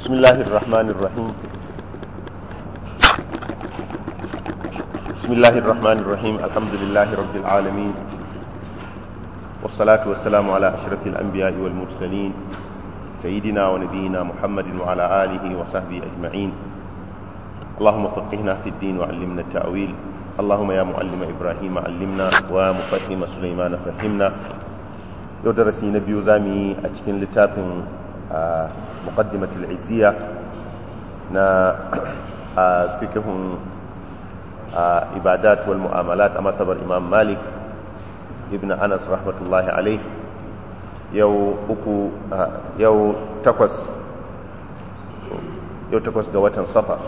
بسم الله الرحمن الرحيم بسم الله الرحمن الرحيم الحمد لله رب العالمين والصلاة والسلام على أشرف الأنبياء والمرسلين سيدنا ونبينا محمد وعلى آله وصحبه أجمعين اللهم فقهنا في الدين وعلمنا التأويل اللهم يا معلم إبراهيم علمنا ومفهم سليمان فهمنا يدرسي نبي زامي أتكن لتابن muqaddimatul izziya na fikihun ibadat wal mu'amalat a matsabar imam malik ibn anas rahmatullahi alaih yau uku yau takwas ga watan safa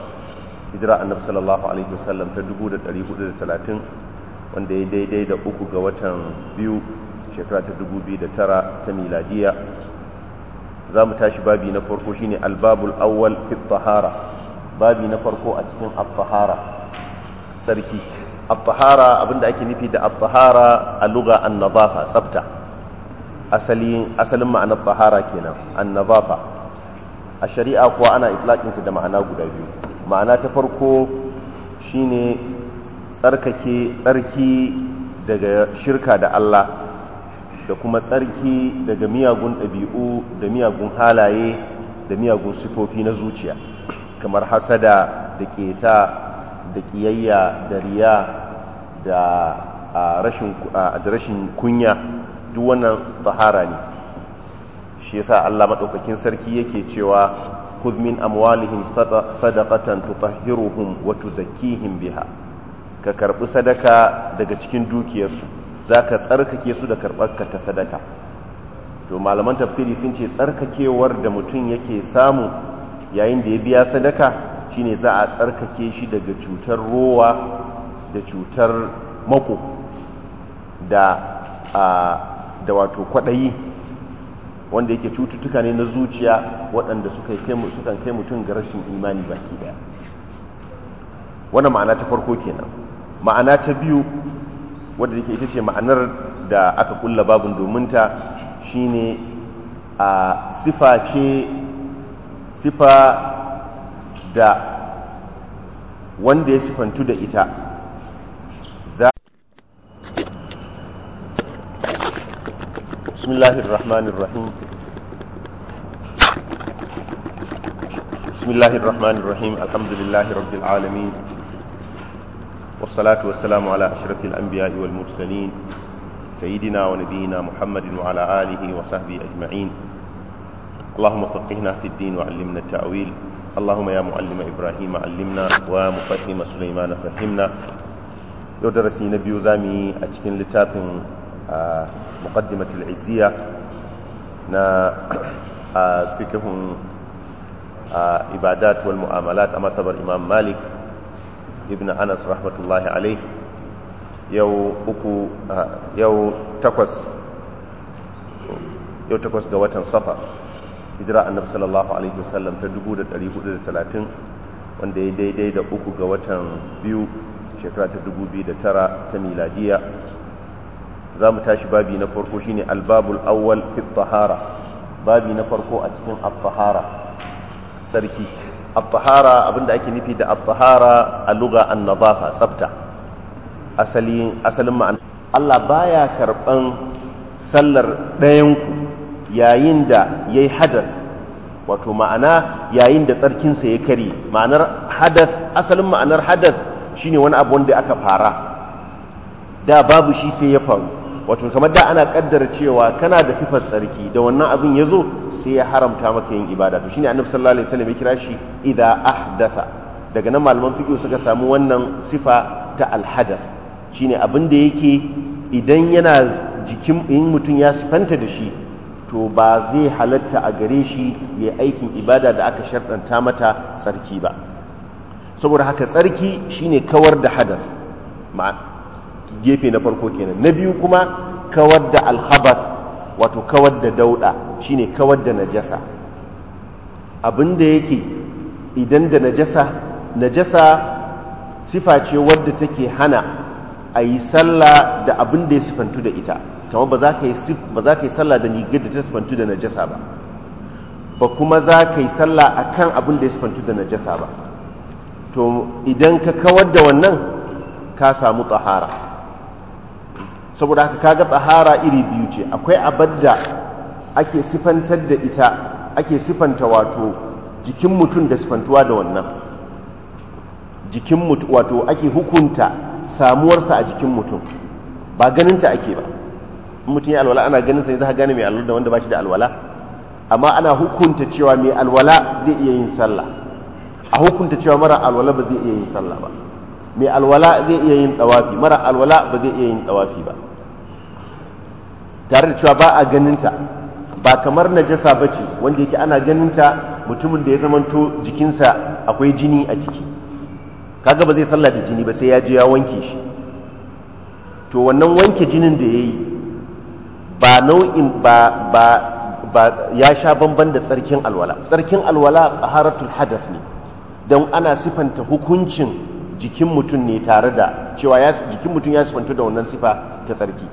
hijira annabi sallallahu alaihi wasallam ta 1430 wanda ya daidai da uku ga watan biyu shekara ta 2009 ta miladiya za mu tashi babi na farko shine albabul awwal fi tahara babi na farko a cikin at-tahara sarki at-tahara abinda ake nufi da at-tahara a lugha an-nadafa tsafta asalin asalin ma'anar tahara kenan an-nadafa a shari'a kuwa ana itlaqin da ma'ana guda biyu ma'ana ta farko shine tsarkake tsarki daga shirka da Allah da kuma tsarki daga miyagun ɗabi'u da miyagun halaye da miyagun sifofi na zuciya kamar hasada da keta da ƙiyayya da riya da rashin kunya duk wannan tsahara ne shi yasa Allah maɗaukakin sarki yake cewa kudmin min amwalihim sadaqatan tutahhiruhum wa tuzakkihim biha ka karɓi sadaka daga cikin dukiyarsu za ka tsarkake su da karɓarka ta sadaka to malaman tafsiri sun ce tsarkakewar da mutum yake samu yayin da ya biya sadaka shine za a tsarkake shi daga cutar rowa da cutar mako da da wato kwaɗayi wanda yake cututtuka ne na zuciya waɗanda sukan kai mutum ga rashin imani baki ɗaya. wannan ma'ana ta farko kenan ma'ana ta biyu wadda yake ita ce ma'anar da aka kulla babin dominta shine a sifa ce sifa da wanda ya sifantu da ita za bismillahirrahmanirrahim بسم الله الرحمن الرحيم الحمد لله رب العالمين والصلاة والسلام على أشرف الأنبياء والمرسلين سيدنا ونبينا محمد وعلى آله وصحبه أجمعين اللهم فقهنا في الدين وعلمنا التأويل اللهم يا معلم إبراهيم علمنا ومفهم سليمان فهمنا يدرسي نبي زامي أتكن لتاب مقدمة العزية نا فكهم عبادات والمعاملات أما تبر إمام مالك ibn anas rahmatullahi alai yau uku yau takwas yau takwas ga watan safa hijira annabi sallallahu alaihi wasallam ta 1430 wanda ya daidai da uku ga watan biyu shekara ta 2009 ta miladiya za mu tashi babi na farko shine albabul awwal fi tahara babi na farko a cikin at-tahara sarki at-tahara abinda ake nufi da at a lugha an tsafta asalin asalin ma'ana Allah baya karban sallar ɗayan ku yayin da yayi hadath wato ma'ana yayin da tsarkinsa ya kare ma'anar hadath asalin ma'anar hadas shine wani abu wanda aka fara da babu shi sai ya faru wato kamar da ana kaddara cewa kana da sifar tsarki da wannan abin ya zo sai ya haramta maka yin ibada to shine annabi sallallahu alaihi wasallam ya kira shi idza ahdatha daga nan malaman fiqh suka samu wannan sifa ta alhadath shine abin da yake idan yana jikin in mutum ya sifanta da shi to ba zai halatta a gare shi ya aikin ibada da aka sharɗanta mata tsarki ba saboda haka tsarki shine kawar da hadath gefe na farko kenan na biyu kuma kawar da alhabar wato kawar da dauda shine kawar da najasa abinda yake idan da najasa najasa sifa ce wadda take hana a yi sallah da abin ya sifantu da ita kamar ba za ka yi sallah da nigar da ta sifantu da najasa ba ba kuma za ka yi sallah a kan abin ya sifantu da najasa ba to idan ka kawar da wannan ka samu tsahara saboda haka kaga tsahara iri biyu ce akwai abadda ake sifantar da ita ake sifanta wato jikin mutum da sifantuwa da wannan jikin mutum wato ake hukunta samuwarsa a jikin mutum ba ganinta ake ba mutum ya alwala ana ganin sai za ka gane mai alwala da wanda ba shi da alwala amma ana hukunta cewa mai alwala zai iya yin sallah a hukunta cewa mara alwala ba zai iya yin sallah ba mai alwala zai iya yin tawafi mara alwala ba zai iya yin tawafi ba tare da cewa ba a ganinta ba kamar najasa ba ce wanda yake ana ganinta mutumin da ya zamanto jikinsa akwai jini a ciki kaga ba zai sallah da jini ba sai ya je ya wanke shi to wannan wanke jinin da ya yi ba nau'in ba ba ya sha bamban da tsarkin alwala tsarkin alwala taharatul hadath ne don ana sifanta hukuncin jikin mutum ne tare da cewa jikin mutum ya sifantu da wannan sifa ta tsarki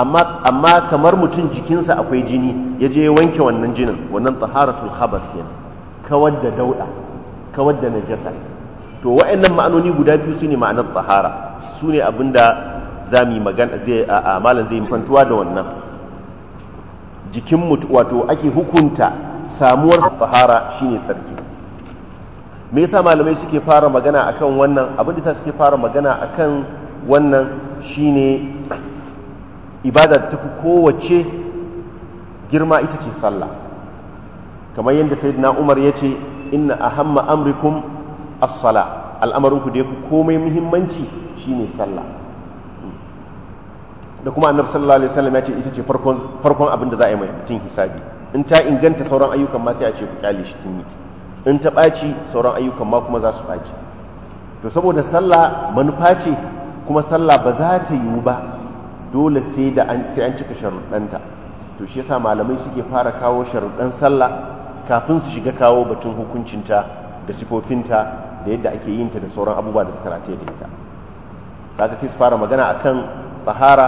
amma kamar mutum jikinsa akwai jini ya je wanke wannan jinin wannan taharatul khabar kenan kawar da dauda kawar da najasa to wa'annan ma'anoni guda biyu su ne ma'anar tahara su ne abinda za mu yi magana zai a malam zai fantuwa da wannan jikin mutu wato ake hukunta samuwar tahara shine sarki me yasa malamai suke fara magana akan wannan abin da suke fara magana akan wannan shine ibada ta fi kowace girma ita ce sallah kamar yadda sayyidina Umar ya ce inna ahamma amrikum as al'amarin al'amarinku da ku komai muhimmanci shine sallah da kuma annabi sallallahu alaihi wasallam ya ce ita ce farkon farkon abin da za a yi mai mutum hisabi in ta inganta sauran ayyukan ma sai a ce ku kyale shi kin yi in ta ɓaci sauran ayyukan ma kuma za su ɓaci to saboda sallah manufa ce kuma sallah ba za ta yiwu ba dole sai da an sai an cika sharuɗanta to shi yasa malamai suke fara kawo sharuɗan sallah kafin su shiga kawo batun hukuncinta da sifofinta da yadda ake yin ta da sauran abubuwa da suka rataye da ita kaga sai su fara magana akan tsahara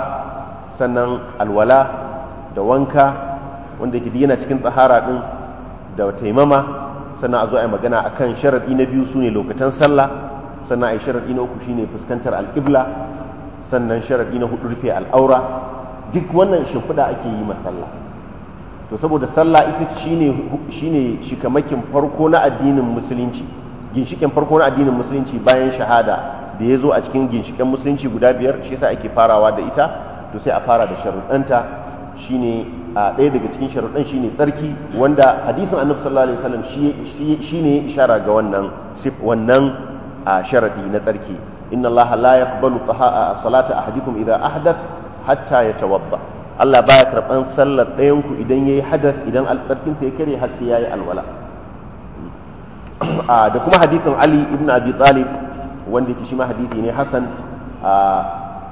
sannan alwala da wanka wanda yake yana cikin tsahara ɗin da taimama sannan a zo a yi magana a kan sharaɗi na biyu su ne lokacin sallah sannan a yi sharaɗi na uku shine fuskantar alƙibla sannan sharaɗi na hudu rufe al'aura duk wannan shimfiɗa ake yi masalla to saboda sallah ita shine shine shikamakin farko na addinin musulunci ginshikin farko na addinin musulunci bayan shahada da ya zo a cikin ginshikin musulunci guda biyar shi yasa ake farawa da ita to sai a fara da sharuɗanta shine a ɗaya daga cikin sharuɗan shine tsarki wanda hadisin annabi sallallahu alaihi wasallam shine ishara ga wannan sif wannan sharadi na tsarki inna allaha la yaqbalu salata ahadikum idha ahdath hatta yatawadda Allah baya karban sallar ɗayan ku idan yayi hadath idan tsarkinsa ya kare har sai yayi alwala da kuma hadisin Ali ibn Abi Talib wanda yake shi ma hadisi ne hasan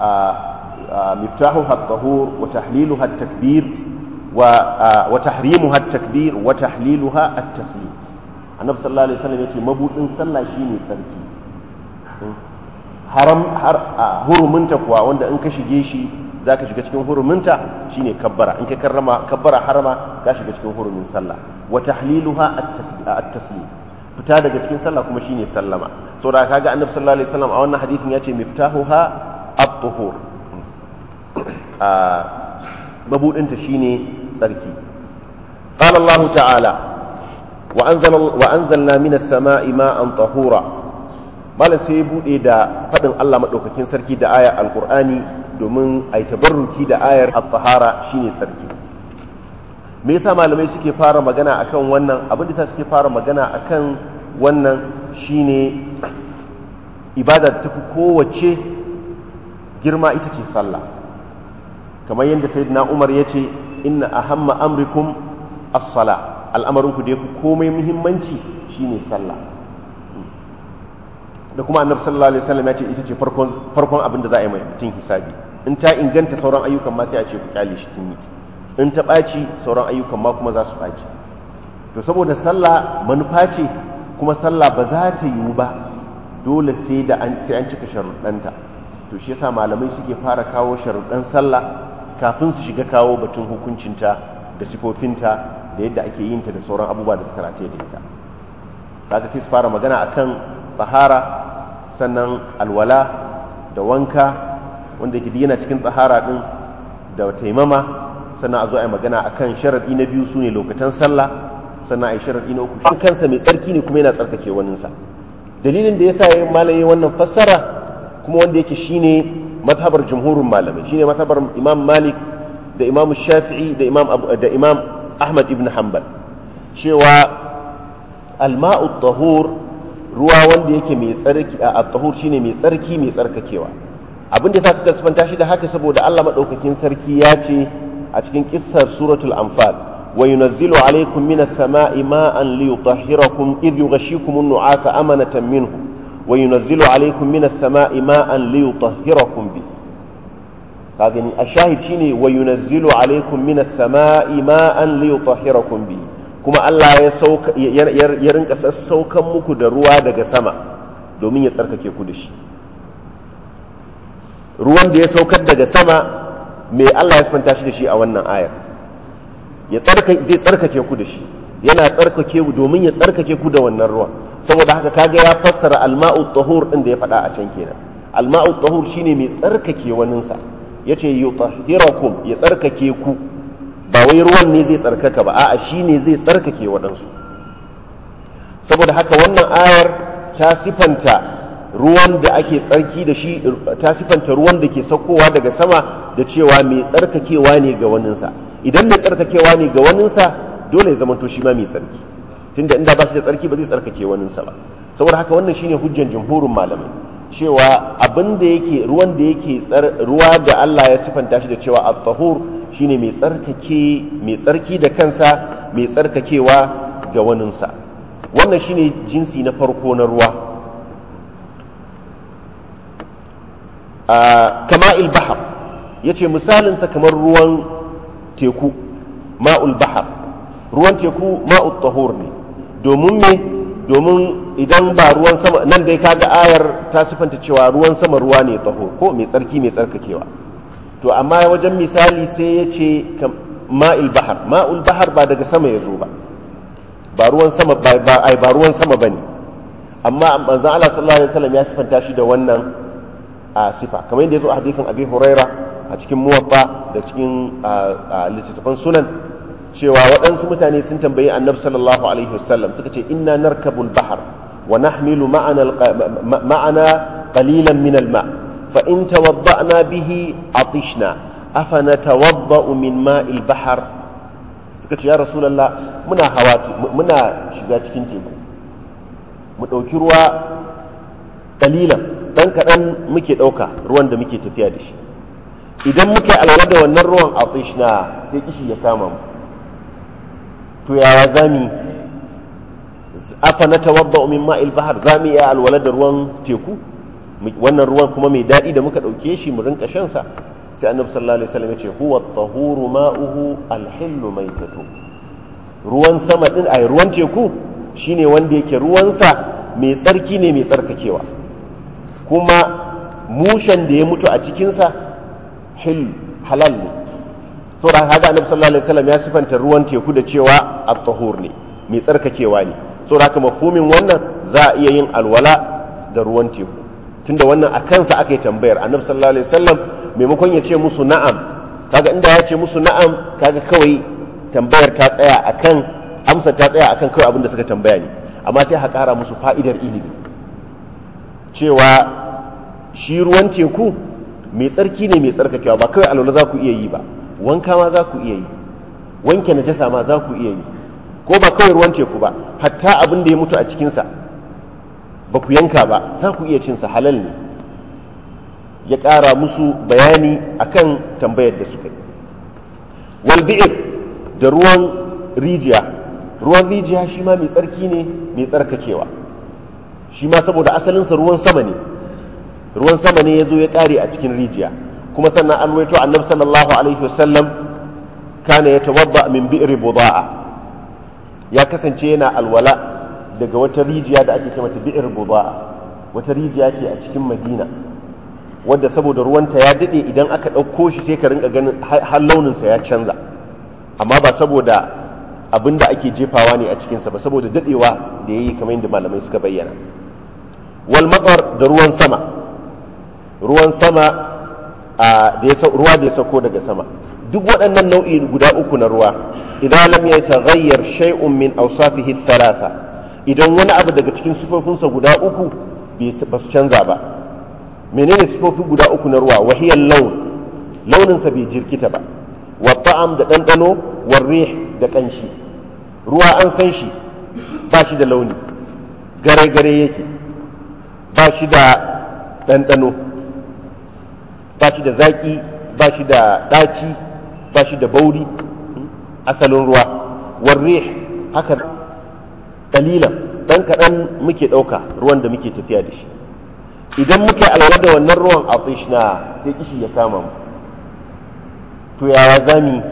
a miftahu at-tahur wa tahlilu at-takbir wa tahrimuha at-takbir wa tahliluha at-taslim annabi sallallahu alaihi wasallam yace mabudin sallah shine sarki hmm. haram har huruminta kuwa wanda in ka shige shi zaka shiga cikin huruminta shine kabbara in ka karrama kabbara harama ka shiga cikin hurumin sallah wa tahliluha at-taslim fita daga cikin sallah kuma shine sallama saboda kaga annabi sallallahu alaihi wasallam a wannan hadisin yace miftahuha at-tuhur hmm. mabudinta shine tsarki qala Allah ta'ala wa mina wa anzalna minas sama'i ma'an tahura malam sai ya bude da fadin Allah madaukakin sarki da ayar alqur'ani domin ai tabarruki da ayar at-tahara shine sarki me yasa malamai suke fara magana akan wannan abin da suke fara magana akan wannan shine ibada ta fi kowace girma ita ce sallah kamar yadda sayyidina Umar ya ce inna ahamma amrikum as-sala al'amarinku da fi komai muhimmanci shine sallah da kuma annabi sallallahu alaihi wasallam ya ce isa ce farkon farkon abin da za a yi mai hisabi in ta inganta sauran ayyukan ma sai a ce ku kyale shi kin in ta ɓaci sauran ayyukan ma kuma za su ɓaci to saboda sallah manufa ce kuma sallah ba za ta yiwu ba dole sai da an sai an cika sharuɗanta to shi yasa malamai suke fara kawo sharuɗan sallah kafin su shiga kawo batun hukuncinta da sifofinta da yadda ake yin ta da sauran abubuwa da suka rataye da ita kaga sai su fara magana akan tsahara sannan alwala da wanka wanda yake yana cikin tsahara din da taimama sannan a zo a yi magana akan sharaɗi na biyu su ne lokacin sallah sannan a yi sharaɗi na uku shi kansa mai tsarki ne kuma yana tsarkake waninsa dalilin da ya sa malaye wannan fassara kuma wanda yake shine mazhabar jumhurin malamai shine mazhabar imam malik da imam shafi'i da imam da imam ahmad ibn hanbal cewa alma'u tahur ruwa wanda yake mai tsarki a tahur shine mai tsarki mai tsarkakewa abin da yasa suka sifanta shi da haka saboda Allah madaukakin sarki ya ce a cikin kissar suratul anfal wa yunazzilu alaykum minas sama'i ma'an liyutahhirakum idh yughashyikum an-nu'asa amanatan minhu wa yunazzilu alaikum minas sama'i ma'an li yutahhirakum bi ka gani ashahid shine wa yunazzilu alaikum minas sama'i ma'an li yutahhirakum bi kuma Allah ya sauka ya rinka sassaukan muku da ruwa daga sama domin ya tsarkake ku da shi ruwan da ya saukar daga sama me Allah ya sifanta shi da shi a wannan ayar ya zai tsarkake ku da shi yana tsarkake ku domin ya tsarkake ku da wannan ruwan saboda haka kaga ya fassara alma'u tahur din da ya faɗa a can kenan alma'u tahur shine mai tsarkake waninsa yace yutahhirakum ya tsarkake ku ba wai ruwan ne zai tsarkaka ba a'a shine zai tsarkake waɗansu saboda haka wannan ayar ta sifanta ruwan da ake tsarki da shi ta sifanta ruwan da ke saukowa daga sama da cewa mai tsarkakewa ne ga waninsa idan mai tsarkakewa ne ga waninsa dole ya zamanto shi ma mai tsarki tunda inda ba shi da tsarki ba zai tsarkake waninsa ba saboda haka wannan shine hujjan jumhurin malamai cewa abin da yake ruwan da yake ruwa da Allah ya sifanta shi da cewa at-tahur shine mai tsarkake mai tsarki da kansa mai tsarkakewa ga waninsa wannan shine jinsi na farko na ruwa kama al-bahr yace misalinsa kamar ruwan teku ma'ul bahr ruwan teku ma'ut tahur ne domin me domin idan ba ruwan sama nan dai kaga ayar ta sifanta cewa ruwan sama ruwa ne tahur ko mai tsarki mai tsarkakewa to amma wajen misali sai ya ce ma'il bahar ma'ul bahar ba daga sama ya zo ba ba ruwan sama ba ai ba ruwan sama bane amma manzon Allah sallallahu alaihi wasallam ya sifanta shi da wannan a sifa kamar yadda ya zo a hadisin Abi Huraira a cikin muwatta da cikin littattafan sunan cewa waɗansu mutane sun tambayi annabi sallallahu alaihi wasallam suka ce inna narkabul bahar wa nahmilu ma'ana ma'ana qalilan min al-ma fa in tawadda'na bihi atishna afa natawadda'u min ma'il bahar suka ce ya rasulullah muna hawa muna shiga cikin teku mu ɗauki ruwa qalilan dan kaɗan muke ɗauka ruwan da muke tafiya da shi idan muke alwala da wannan ruwan atishna sai kishi ya kama mu to yawa zami afa na tawabba umin ma'il bahar zami iya alwala da ruwan teku wannan ruwan kuma mai daɗi da muka ɗauke shi mu rinka shan sa sai annabi sallallahu alaihi wasallam ya ce huwa tahuru ma'uhu alhillu maitatu ruwan sama din ai ruwan teku shine wanda yake ruwansa mai tsarki ne mai tsarkakewa kuma mushen da ya mutu a cikinsa halal ne saboda haka annabi sallallahu alaihi wasallam ya sifanta ruwan teku da cewa at-tahur ne mai tsarkakewa ne saboda haka mafhumin wannan za a iya yin alwala da ruwan teku tunda wannan a kansa aka yi tambayar annabi sallallahu alaihi wasallam maimakon ya ce musu na'am kaga inda ya ce musu na'am kaga kawai tambayar ta tsaya akan amsa ta tsaya akan kawai abin da suka tambaya ne amma sai ha kara musu fa'idar ilimi cewa shi ruwan teku mai tsarki ne mai tsarkakewa ba kawai alwala za ku iya yi ba wanka ma za ku iya yi wanke na jasa ma za ku iya yi ko ba kawai ruwan teku ba hatta abin da ya mutu a cikinsa ba ku yanka ba za ku iya cinsa halal ne ya ƙara musu bayani a kan tambayar da suka yi walbi'ir da ruwan rijiya ruwan rijiya shi ma mai tsarki ne mai tsarkakewa shi ma saboda asalinsa ruwan sama ne ruwan sama ne ya zo ya ƙare a cikin rijiya kuma sannan an ruwaito annabi sallallahu alaihi wasallam kana ya tawadda min bi'ri buda'a ya kasance yana alwala daga wata rijiya da ake ce mata bi'ir buda'a wata rijiya ce a cikin madina wadda saboda ruwanta ya daɗe idan aka ɗauko shi sai ka rinka ganin har launinsa ya canza amma ba saboda abin da ake jefawa ne a cikinsa ba saboda daɗewa da ya yi kamar yadda malamai suka bayyana wal matsar da ruwan sama ruwan sama ruwa da ya sauko daga sama duk waɗannan nau'i guda uku na ruwa idan lam ya taghayyar shay'un min awsafihi thalatha idan wani abu daga cikin sifofinsa guda uku ba su canza ba menene sifofi guda uku na ruwa wahiyar laun launinsa bai jirkita ba wa ta'am da ɗanɗano wa rih da ƙanshi ruwa an san shi ba shi da launi gare gare yake ba shi da ɗanɗano ba shi da zaƙi ba shi da ɗaci ba shi da bauri hmm, asalin ruwa Warri haka dalilan ɗan kaɗan muke ɗauka ruwan da muke tafiya da shi idan muke alwar da wannan ruwan a na sai kishi ya kama mu to yawa zami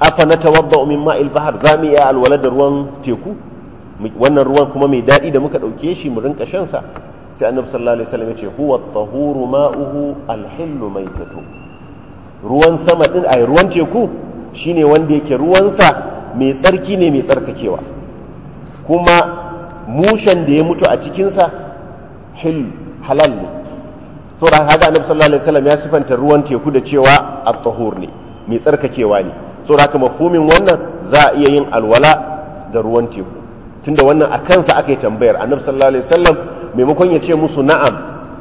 afa na tawabba min ma'il bahar zami ya alwala da ruwan teku wannan ruwan kuma mai daɗi da muka ɗauke shi mu rinka shansa sai annabi sallallahu alaihi wasallam yace huwa at-tahuru ma'uhu al-hillu maytatu ruwan sama din ai ruwan teku shine wanda yake ruwansa mai tsarki ne mai tsarkakewa kuma mushen da ya mutu a cikinsa hil halal ne dan haka annabi sallallahu alaihi wasallam ya sifanta ruwan teku da cewa at-tahur ne mai tsarkakewa ne saboda haka mafhumin wannan za a iya yin alwala da ruwan teku tunda wannan a kansa aka yi tambayar annabi sallallahu alaihi wasallam maimakon ya ce musu na'am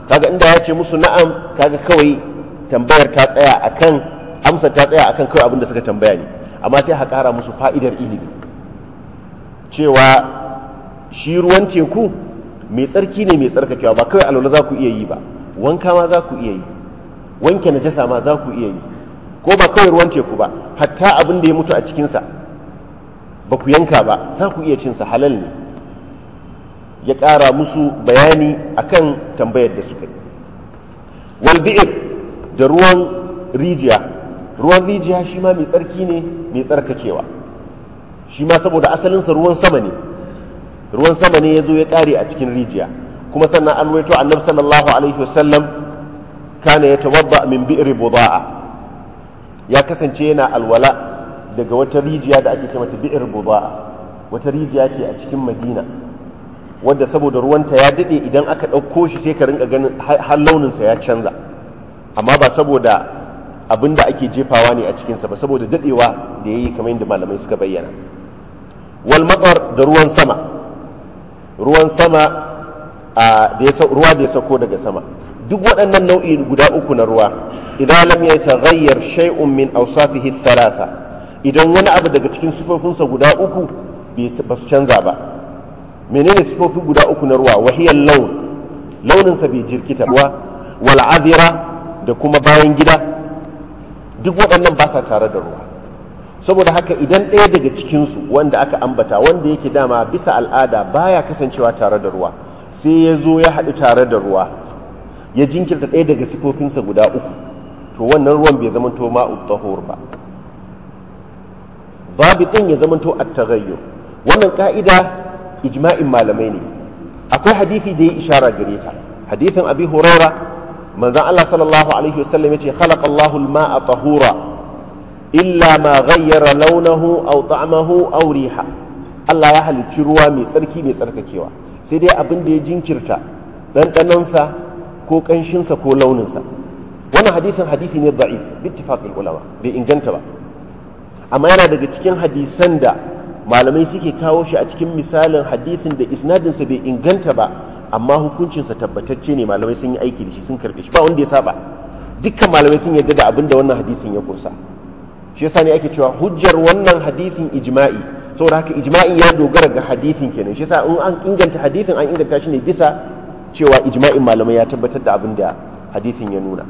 kaga inda ya ce musu na'am kaga kawai tambayar ta tsaya akan amsar ta tsaya akan kawai abin da suka tambaya ne amma sai ha ƙara musu fa'idar ilimi cewa shi ruwan teku mai tsarki ne mai tsarkakewa ba kawai alwala za ku iya yi ba wanka ma za ku iya yi wanke najasa ma za ku iya yi ko ba kawai ruwan teku ba hatta abin da ya mutu a cikinsa ba ku yanka ba za ku iya cinsa halal ne ya ƙara musu bayani a kan tambayar da suka yi walbi'ir da ruwan rijiya ruwan rijiya shi ma mai tsarki ne mai tsarkakewa shi ma saboda asalinsa ruwan sama ne ruwan sama ne ya zo ya ƙare a cikin rijiya kuma sannan an waito annabi sallallahu alaihi wasallam kana ya tawadda min bi'ri buda'a ya kasance yana alwala daga wata rijiya da ake ce mata bi'ir buda'a wata rijiya ce a cikin madina wanda saboda ruwanta ya daɗe idan aka ɗauko shi sai ka rinka ganin har launinsa ya canza amma ba saboda abin da ake jefawa ne a cikinsa ba saboda daɗewa da ya yi kamar yadda malamai suka bayyana wal matsar da ruwan sama ruwan sama ruwa da ya sauko daga sama duk waɗannan nau'i guda uku na ruwa idan lam ya taghayyar shay'un min awsafihi thalatha idan wani abu daga cikin sifofinsa guda uku ba canza ba menene sifofi guda uku na ruwa wahiyar laun sa bai jirkita ruwa wal azira da kuma bayan gida duk waɗannan ba sa tare da ruwa saboda haka idan ɗaya daga cikin su wanda aka ambata wanda yake dama bisa al'ada baya kasancewa tare da ruwa sai ya zo ya haɗu tare da ruwa ya jinkirta ɗaya daga sifofinsa guda uku to wannan ruwan bai zamanto ma tahur ba babu ɗin ya zamanto at-taghayyur wannan ka'ida ijma'in malamai ne akwai hadisi da ya ishara gare ta hadisin abi huraira manzon Allah sallallahu alaihi wasallam yace khalaqa Allahu al-ma'a tahura illa ma ghayyara launahu aw ta'amahu aw riha Allah ya halicci ruwa mai tsarki mai tsarkakewa sai dai abin da ya jinkirta ɗanɗanonsa ko ƙanshinsa ko launinsa wannan hadisin hadisi ne da'if bi ittifaqil ulama bai inganta ba amma yana daga cikin hadisan da malamai suke kawo shi a cikin misalin hadisin da isnadinsa bai inganta ba amma hukuncinsa tabbatacce ne malamai sun yi aiki da shi sun karbe shi ba wanda ya saba dukkan malamai sun yarda da abin da wannan hadisin ya kunsa shi yasa ne ake cewa hujjar wannan hadisin ijma'i saboda haka ijma'i ya dogara ga hadisin kenan shi yasa in an inganta hadisin an inganta shi ne bisa cewa ijma'in malamai ya tabbatar da abin da hadisin ya nuna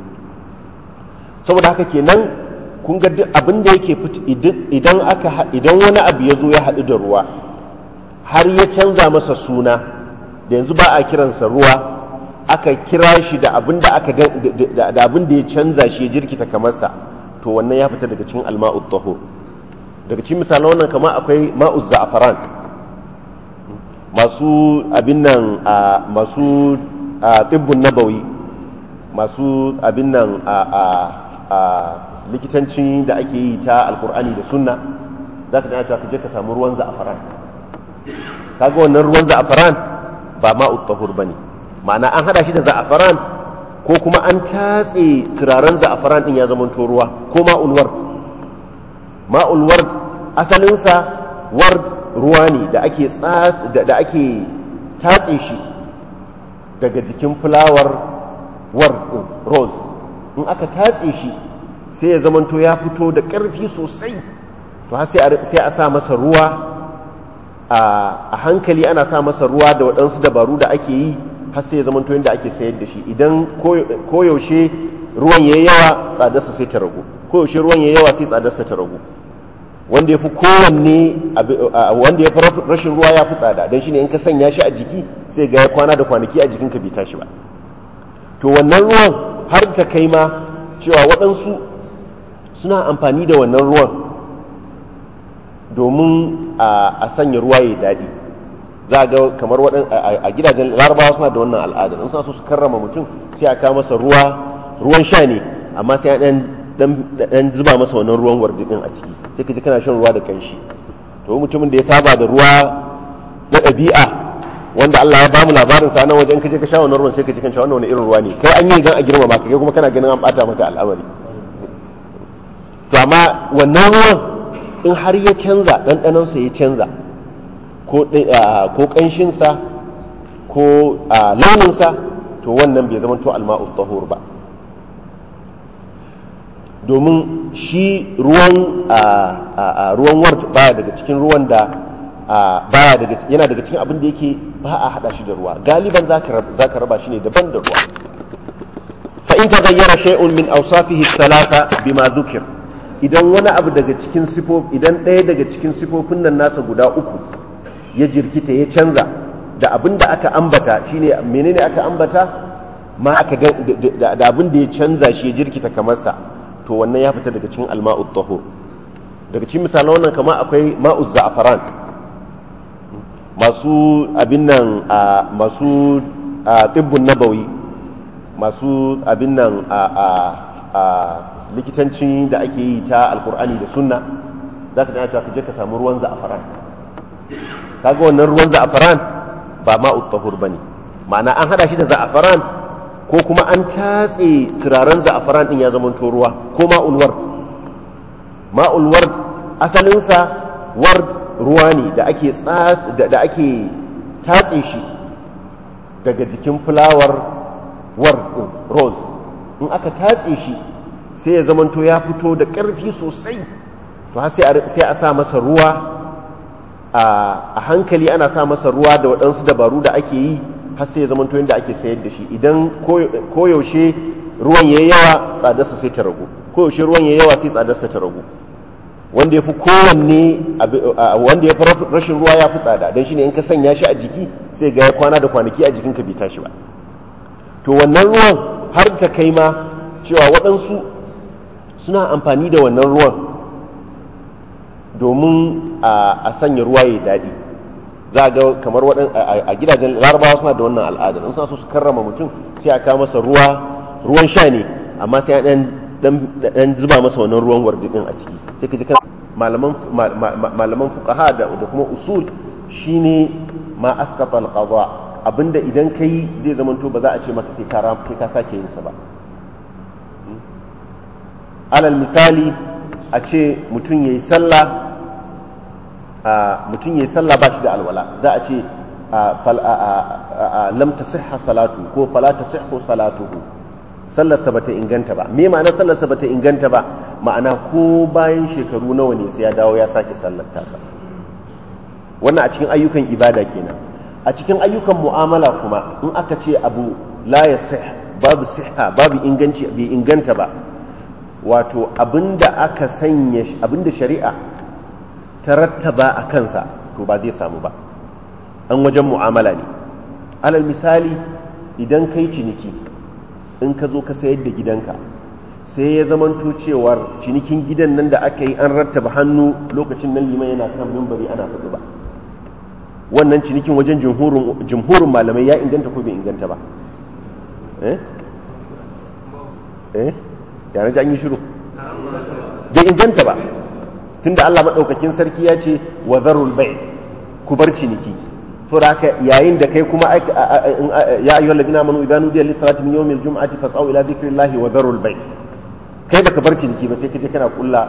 saboda haka kenan kun ga duk abin da yake idan aka idan wani abu ya zo ya haɗu da ruwa har ya canza masa suna da yanzu ba a kiransa ruwa aka kira shi da abin da aka da abin da ya canza shi ya jirkita sa to wannan ya fita daga cikin alma'ut tahur daga cikin misalan wannan kama akwai ma'uz za'afaran masu abin nan a masu tibbun nabawi masu abin nan a likitancin da ake yi ta alkur'ani da sunna za ka cewa ka je ka samu ruwan za'afaran kaga wannan ruwan za'afaran ba ma ba bane ma'ana an hada shi da za'afaran ko kuma an tatse turaren za'afaran din ya zamanto ruwa ko ma'ul ward ma'ul ward asalin sa ward ruwa ne da ake da ake tatse shi daga jikin fulawar ward rose in aka tatse shi sai ya zamanto ya fito da ƙarfi sosai to sai a sa masa ruwa a hankali ana sa masa ruwa da waɗansu dabaru da ake yi har sai ya zamanto yadda ake sayar da shi idan koyaushe ruwan ya yawa tsadarsa sai ta ragu koyaushe ruwan ya yawa sai tsadarsa ta ragu wanda ya fi kowanne wanda ya fi rashin ruwa ya fi tsada don shi ne in ka sanya shi a jiki sai ga ya kwana da kwanaki a jikinka bai tashi ba to wannan ruwan har ta kai ma cewa waɗansu suna amfani da wannan ruwan domin a sanya ruwa ya daɗi za a ga kamar a gidajen larabawa suna da wannan al'ada in suna so su karrama mutum sai a kawo masa ruwa ruwan sha ne amma sai ɗan zuba masa wannan ruwan wardiɗin a ciki sai ka ji kana shan ruwa da kanshi to mutumin da ya saba da ruwa na ɗabi'a wanda Allah ya ba mu labarin sa nan wajen kaje ka sha wannan ruwan sai ka ji kan sha wannan wani irin ruwa ne kai an yi gan a girma ba kai kuma kana ganin an bata maka al'amari to wannan ruwan in har ya canza ɗanɗanonsa ya canza ko ƙanshinsa ko launinsa to wannan bai zama to alma'ul tahur ba domin shi ruwan ruwan wart baya daga cikin ruwan da baya daga yana daga cikin abin da yake ba a hada shi da ruwa galiban za ka raba shi ne daban da ruwa fa in zayyara shay'un min awsafihi thalatha bima zukir. idan wani abu daga cikin sifofi idan ɗaya daga cikin sifofin nan nasa guda uku ya jirkita ya canza da abin da aka ambata shine menene aka ambata ma aka ga da abin da ya canza shi ya jirkita kamar sa to wannan ya fita daga cikin alma'u tahur daga cikin misalan wannan kamar akwai ma'u za'afaran masu abin nan masu tibbun nabawi masu abin nan a Likitanci da ake yi ta alkur'ani da sunna za ka cewa ka je ka samu ruwan za'afaran kaga wannan ruwan za'afaran ba ma'ut ba ne? ma'ana an hada shi da za'afaran ko kuma an tatse turaren za'afaran din ya zama ruwa ko ma'ulwar ward ma'ul ward ruwa ne da ake da tatse shi daga jikin fulawar ward rose in aka tatse shi sai ya zamanto ya fito da ƙarfi sosai to sai a sa masa ruwa a hankali ana sa masa ruwa da waɗansu dabaru da ake yi har sai ya zamanto yadda ake sayar da shi idan koyaushe ruwan ya yi yawa tsadarsa sai ta ragu koyaushe ruwan ya yi yawa sai tsadarsa ta ragu wanda ya fi kowanne wanda ya fi rashin ruwa ya fi tsada don shi ne in ka sanya shi a jiki sai ga ya kwana da kwanaki a jikinka bai tashi ba to wannan ruwan har ta kai ma cewa waɗansu suna amfani da wannan ruwan domin a sanya ruwa ya daɗi za a ga kamar a gidajen larabawa suna da wannan al'adar in suna so su karrama mutum sai a kawo masa ruwa ruwan sha ne amma sai a ɗan zuba masa wannan ruwan warjikin a ciki sai ka ji malaman fuqaha da kuma usul shine ma asqata abinda idan yi zai zamanto ba za a ce maka sai ka sake yin sa ba alal misali a ce mutum ya yi sallah mutum ya yi sallah ba shi da alwala za a ce a lamta siha salatu ko fala ta salatu ko sallarsa ta inganta ba me ma'ana sallarsa ta inganta ba ma'ana ko bayan shekaru nawa ne sai ya dawo ya sake sallar tasa wannan a cikin ayyukan ibada kenan a cikin ayyukan mu'amala kuma in aka ce abu la ya babu siha babu inganci bai inganta ba wato abinda aka sanya abinda shari'a ta rattaba a kansa to ba zai samu ba an wajen mu'amala ne alal misali idan kai ciniki in ka zo ka sayar da gidanka sai ya zamanto cewar cinikin gidan nan da aka yi an rattaba hannu lokacin nan liman yana kan mimbari ana faɗi ba wannan cinikin wajen jimhurin malamai ya inganta ko bai inganta ba eh eh da ji an yi shiru bai inganta ba tun da Allah maɗaukakin sarki ya ce wa zarul bai ku bar ciniki to da haka yayin da kai kuma ya ayyuhal ladina amanu idan udiya li salati min yawmil jum'ati fas'au ila dhikrillahi wa zarul bai kai baka bar ciniki ba sai kaje kana kulla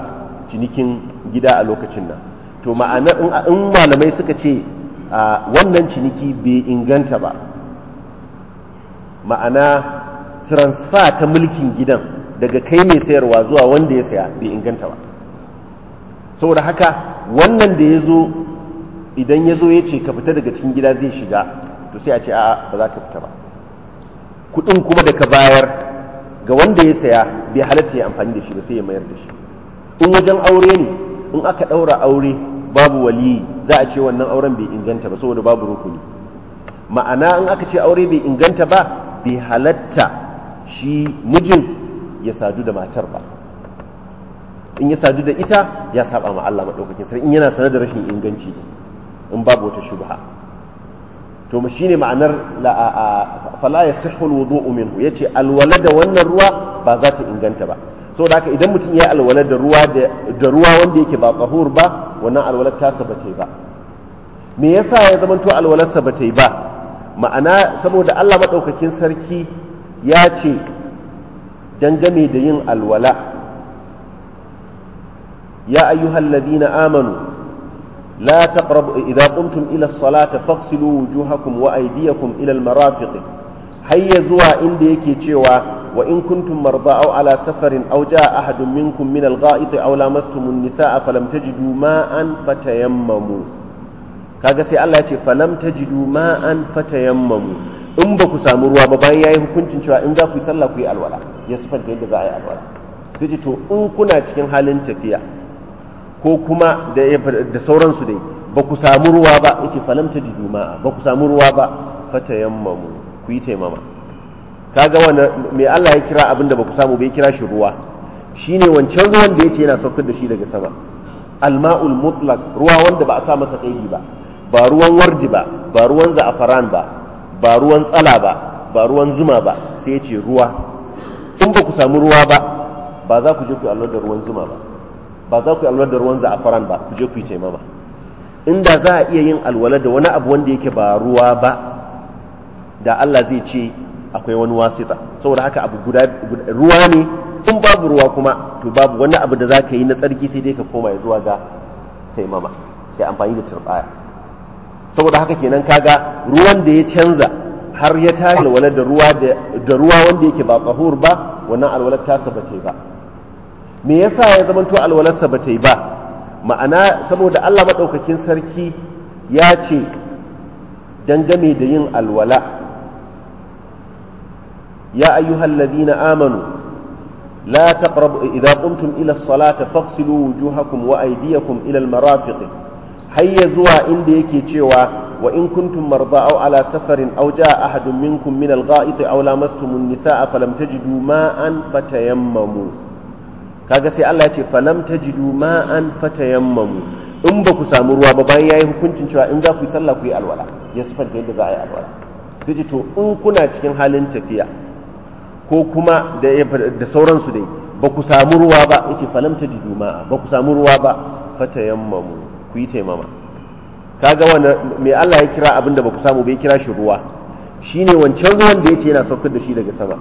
cinikin gida a lokacin nan to ma'ana in malamai suka ce wannan ciniki bai inganta ba ma'ana transfer ta mulkin gidan daga kai mai sayarwa zuwa wanda ya saya bai inganta ba saboda haka wannan da ya zo idan ya zo ya ce ka fita daga cikin gida zai shiga to sai a ce a'a ba za ka fita ba kuɗin kuma da ka bayar ga wanda ya saya bai halatta ya amfani da shi ba sai ya mayar da shi in wajen aure ne in aka ɗaura aure babu waliyi za a ce wannan auren bai inganta ba saboda babu rukuni ma'ana in aka ce aure bai inganta ba bai halatta shi mijin ya sadu da matar ba in ya sadu da ita ya saba ma Allah madaukakin sarki in yana sanar da rashin inganci in babu wata shubha to mu shine ma'anar la fala yasihhu alwudu minhu yace alwala da wannan ruwa ba za ta inganta ba saboda haka idan mutum ya alwala da ruwa da ruwa wanda yake ba tahur ba wannan alwalar ta sabace ba me yasa ya zamanto alwalar sabace ba ma'ana saboda Allah maɗaukakin sarki ya ce dangane da yin alwala ya ayyuhal na amanu la taqrabu idza qumtum ila as-salati faghsilu wujuhakum wa aydiyakum ila al-marafiq hayya zuwa inda yake cewa wa in kuntum marda aw ala safarin aw jaa ahadun minkum min al-gha'iti aw lamastum an-nisaa falam tajidu ma'an fatayammamu kaga sai Allah ya ce falam tajidu ma'an fatayammamu in ba ku samu ruwa ba bayan yayi hukuncin cewa in za ku yi sallah ku yi alwala ya da yadda za a yi alwala sai ce to in kuna cikin halin tafiya ko kuma da sauransu dai ba ku samu ruwa ba yake falam ta jidu ba ku samu ruwa ba fata yammamu ku yi taimama kaga wannan me Allah ya kira abinda ba ku samu bai kira shi ruwa shine wancan ruwan da yace yana saukar da shi daga sama alma'ul mutlak ruwa wanda ba a sa masa kaidi ba ba ruwan warji ba ba ruwan za'afaran ba ba ruwan tsala ba ba ruwan zuma ba sai ce ruwa in ba ku samu ruwa ba ba za ku je ku alwar da ruwan zuma ba ba za ku alwar da ruwan za'afaran ba ku je ku yi taimama inda za a iya yin alwala da wani abu wanda yake ba ruwa ba da Allah zai ce akwai wani wasita saboda haka abu guda ruwa ne in babu ruwa kuma to babu wani abu da za ka yi na tsarki sai dai ka koma zuwa ga taimama kai amfani da turbaya saboda haka kenan kaga ruwan da ya canza har ya tashi da ruwa da ruwa wanda yake ba tsahur ba wannan alwalar ta sabace ba me yasa ya zamanto alwalar sabace ba ma'ana saboda Allah madaukakin sarki ya ce dangane da yin alwala ya ayyuhal ladina amanu la taqrabu idza qumtum ila as-salati faghsilu wujuhakum wa aydiyakum ila al-marafiqi hayya zuwa inda yake cewa wa in kuntum marda aw ala safarin aw jaa ahadun minkum min al-gha'it aw lamastumun nisaa falam tajidu ma'an fatayammamu kaga sai Allah ya ce falam tajidu ma'an fatayammamu in ba ku samu ruwa ba bayan yayi hukuncin cewa in za ku yi sallah ku yi alwala ya sifanta yadda za a yi alwala sai ce to in kuna cikin halin tafiya ko kuma da sauransu dai ba ku samu ruwa ba yace falam tajidu ma'a ba ku samu ruwa ba fatayammamu ku yi taimama kaga wannan me Allah ya kira abin da ku samu bai kira shi ruwa shine wancan ruwan da ce yana saukar da shi daga sama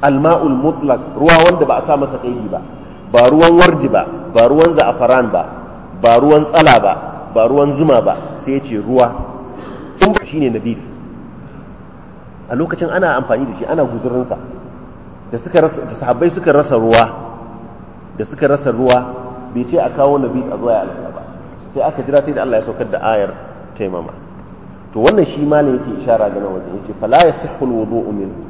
alma'ul mutlaq ruwa wanda ba a sa masa kaidi ba ba ruwan wardi ba ba ruwan za'afaran ba ba ruwan tsala ba ba ruwan zuma ba sai yace ruwa in ba shine nabif a lokacin ana amfani da shi ana guzurinsa da suka rasa da sahabbai suka rasa ruwa da suka rasa ruwa bai ce a kawo nabi a zuwa ya alƙa ba sai aka jira sai da Allah ya saukar da ayar taimama to wannan shi ma ne yake ishara ga nan wajen yace fala yasihhu alwudu'u minhu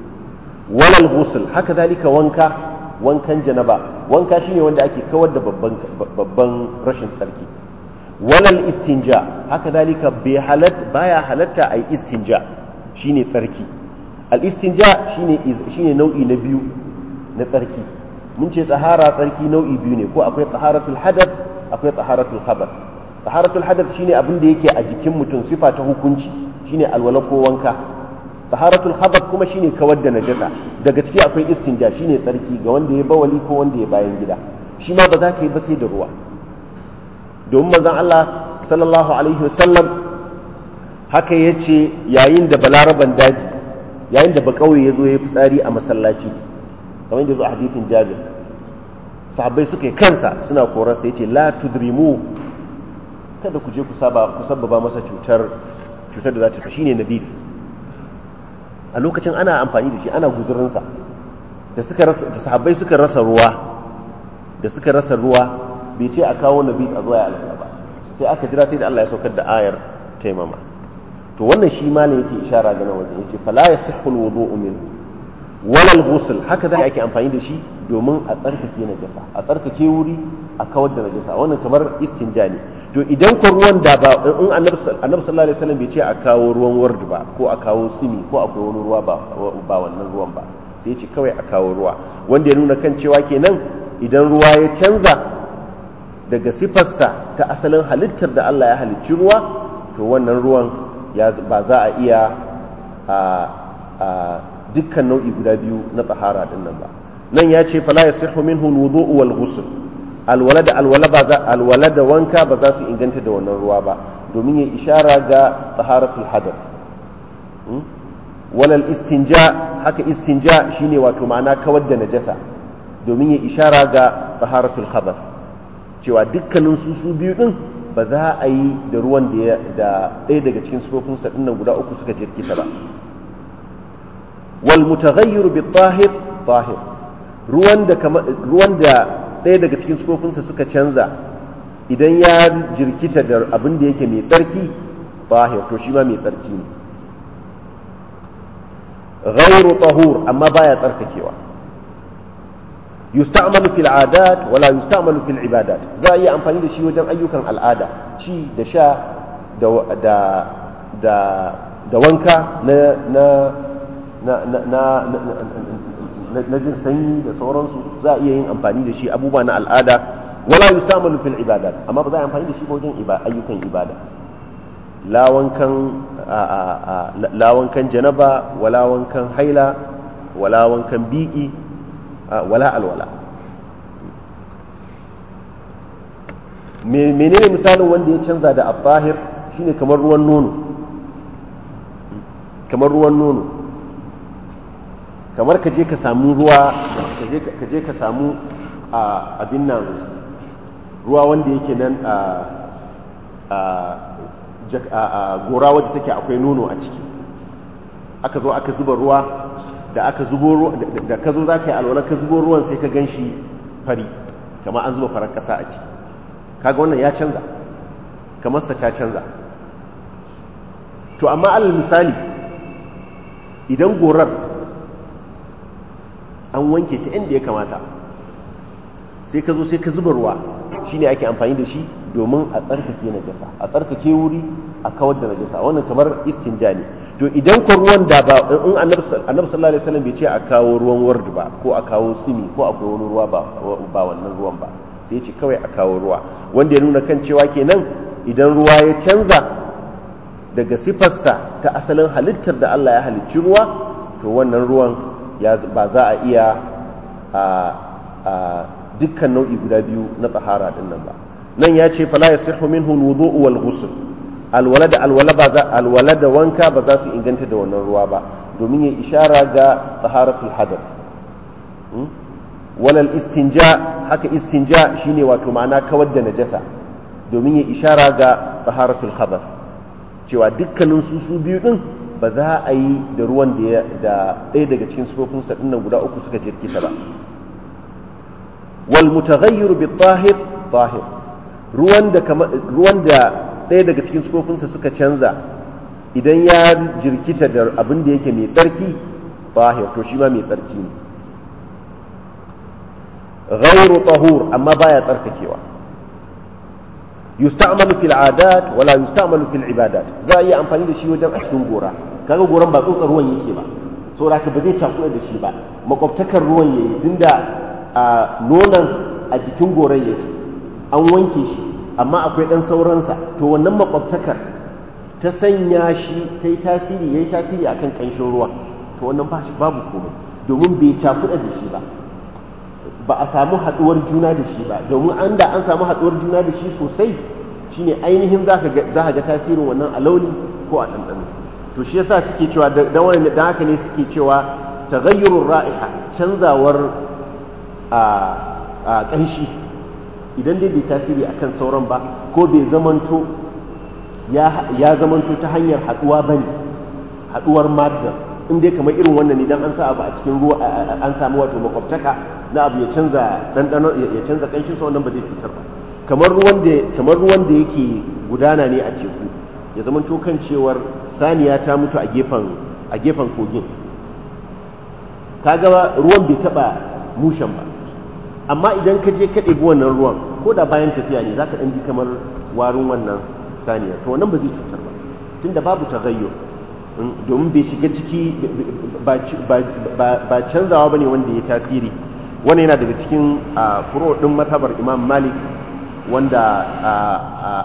wala alghusl haka zalika wanka wankan janaba wanka shine wanda ake kawar da babban babban rashin tsarki. wala istinja haka zalika bai halat baya halatta ai istinja shine sarki alistinja shine shine nau'i na biyu na tsarki mun ce tsahara tsarki nau'i biyu ne ko akwai tsaharatul hadath akwai tsaharatul khabath taharatul hadath shine abin da yake a jikin mutum sifa ta hukunci shine alwala ko wanka taharatul hadath kuma shine kawar da najasa daga ciki akwai istinja shine tsarki ga wanda ya bawali ko wanda ya bayan gida shi ma ba za ka yi ba sai da ruwa domin manzon Allah sallallahu alaihi wasallam haka yace yayin da balaraban daji yayin da bakawai ya zo ya fitsari a masallaci kamar yadda zo a hadithin jabir sahabbai suka yi kansa suna korarsa yace la tudrimu kada ku je ku saba ku sababa masa cutar cutar da za ta tafi ne nabil a lokacin ana amfani da shi ana sa da suka rasa sahabbai suka rasa ruwa da suka rasa ruwa bai ce a kawo nabil a zuwa ya alƙa ba sai aka jira sai da Allah ya saukar da ayar taimama to wannan shi malam yake ishara ga nan wajen yace fala yasihhu alwudu'u min wala alghusl haka da ake amfani da shi domin a tsarkake najasa a tsarkake wuri a kawar da najasa wannan kamar istinja ne to idan ko ruwan da ba in annabi sallallahu alaihi wasallam bai ce a kawo ruwan wardu ba ko a kawo simi ko akwai wani ruwa ba wannan ruwan ba sai ya ce kawai a kawo ruwa wanda ya nuna kan cewa kenan idan ruwa ya canza daga sifarsa ta asalin halittar da Allah ya halicci ruwa to wannan ruwan ba za a iya a dukkan nau'i guda biyu na tsahara dinnan ba nan ya ce fala yasihu minhu alwudu wal ghusl alwalada da alwala ba alwala da wanka ba za su inganta da wannan ruwa ba domin ya ishara ga taharatul hadar hmm? walal istinja haka istinja shine wato ma'ana kawar da najasa domin ya ishara ga taharatul hadar cewa dukkanin su su biyu din ba za a yi da ruwan da ɗaya daga cikin sufofin sa dinnan guda uku suka jirkita ba wal mutaghayyir bi tahir tahir ruwan da ɗaya daga cikin sukofinsa suka canza idan ya jirkita da abin da yake mai tsarki tahir to shi ma mai tsarki ne ghairu tahur amma baya tsarkakewa yusta'malu fil adat wala yusta'malu fil ibadat za a yi amfani da shi wajen ayyukan al'ada ci da sha da da da wanka na na na na na jin sanyi da sauransu za a iya yin amfani da shi abubuwa na al'ada wala yustamalu fil ibadat amma ba za a yi amfani da shi wajen ayyukan ibada lawankan janaba wala wankan haila wala wankan bi'i wala alwala menene misalin wanda ya canza da abahir shine kamar ruwan nono kamar ruwan nono kamar ka je ka samu ruwa ka je ka samu abin nan ruwa wanda yake nan a gora wadda take akwai nono a ciki aka zo aka zuba ruwa da aka zubo da ka zo za ka yi alwala ka zubo ruwan sai ka gan shi fari kama an zuba farar kasa a ciki kaga wannan ya canza kamar sa ta canza to amma alal misali idan gorar an wanke ta inda ya kamata sai ka zo sai ka zuba ruwa shine ake amfani da shi domin a tsarkake jasa a tsarkake wuri a kawar da na jasa wannan kamar istinja ne to idan ko ruwan da ba in annabi sallallahu alaihi bai ce a kawo ruwan wardu ba ko a kawo simi ko akwai wani ruwa ba wannan ruwan ba sai ce kawai a kawo ruwa wanda ya nuna kan cewa kenan idan ruwa ya canza daga sifarsa ta asalin halittar da Allah ya halicci ruwa to wannan ruwan ba za a iya dukkan nau'i guda biyu na tsahara din nan ba nan ya ce fala ya sihu minhu alwudu'u wal ghusl alwala da alwala za wanka ba za su inganta da wannan ruwa ba domin ya ishara ga taharatul hadath hmm? walal istinja haka istinja shine wato ma'ana kawar da najasa domin ya ishara ga taharatul khabath cewa dukkanin su su biyu din ba za a yi da ruwan da ɗaya daga cikin saɗin ɗinnan guda uku suka jirkita ba wal mutaghayyir bi tahir tahir ruwan da ruwan da ɗaya daga cikin sa suka canza idan ya jirkita da abin da yake mai tsarki tahir to shi ma mai tsarki ne ghayru tahur amma baya tsarkakewa yusta'malu fil adat wala yusta'malu fil ibadat za a yi amfani da shi wajen a cikin gora kaga goran ba tsotsar ruwan yake ba so da ba zai cakuɗa da shi ba makwabtakar ruwan yayi tunda a nonon a jikin goran yake an wanke shi amma akwai ɗan sauransa to wannan makwabtakar ta sanya shi ta yi tasiri ya yi tasiri akan ƙanshin ruwan to wannan ba shi babu komai domin bai cakuɗa da shi ba ba a samu haɗuwar juna da shi ba domin an da an samu haɗuwar juna da shi sosai shine ainihin za ka ga tasirin wannan a launi ko a ɗanɗan to shi yasa suke cewa da wani da haka ne suke cewa taghayyurur ra'iha canzawar a a kanshi idan dai bai tasiri akan sauran ba ko bai zamanto ya ya zamanto ta hanyar haduwa bane haduwar madda in dai kamar irin wannan idan an sa abu a cikin ruwa an samu wato makwabtaka na abu ya canza dandano ya canza kanshi sa wannan ba zai cutar ba kamar ruwan da kamar ruwan da yake gudana ne a teku ya zamanto kan cewar saniya ta mutu a gefen a ka kogin ruwan bai taba mushen ba amma idan ka je ka ɗebi wannan ruwan ko da bayan tafiya ne za ka ɗan ji kamar warin wannan saniya to wannan ba zai cutar ba da babu ta zayyo mm, domin bai shiga ciki ba canzawa ba ne wanda ya tasiri wani yana daga cikin furo ɗin matabar imam malik wanda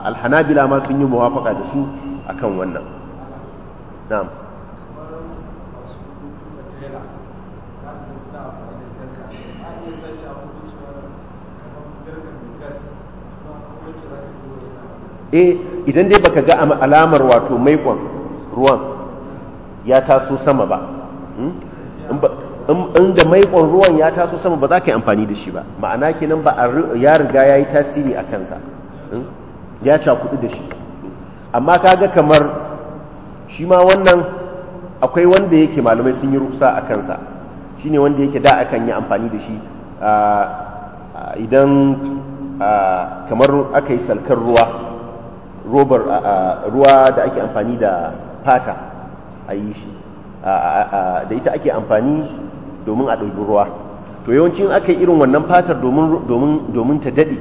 alhanabila ma sun yi muwafaka da su akan wannan نعم eh, idan dai baka ga alamar wato maikon ruwan ya taso sama ba hmm? in da maikon ruwan ya taso sama ba za ka yi amfani da shi ba ma'ana kenan ba ya riga ya yi tasiri a kansa hmm? ya cakudu da shi amma ga kamar shi ma wannan akwai wanda yake malamai sun yi ruksa a kansa shi ne wanda yake da akan yi amfani da shi idan kamar aka yi salkar ruwa robar ruwa da ake amfani da fata a yi shi da ita ake amfani domin a ɗauki ruwa to yawancin aka yi irin wannan fatar domin ta daɗe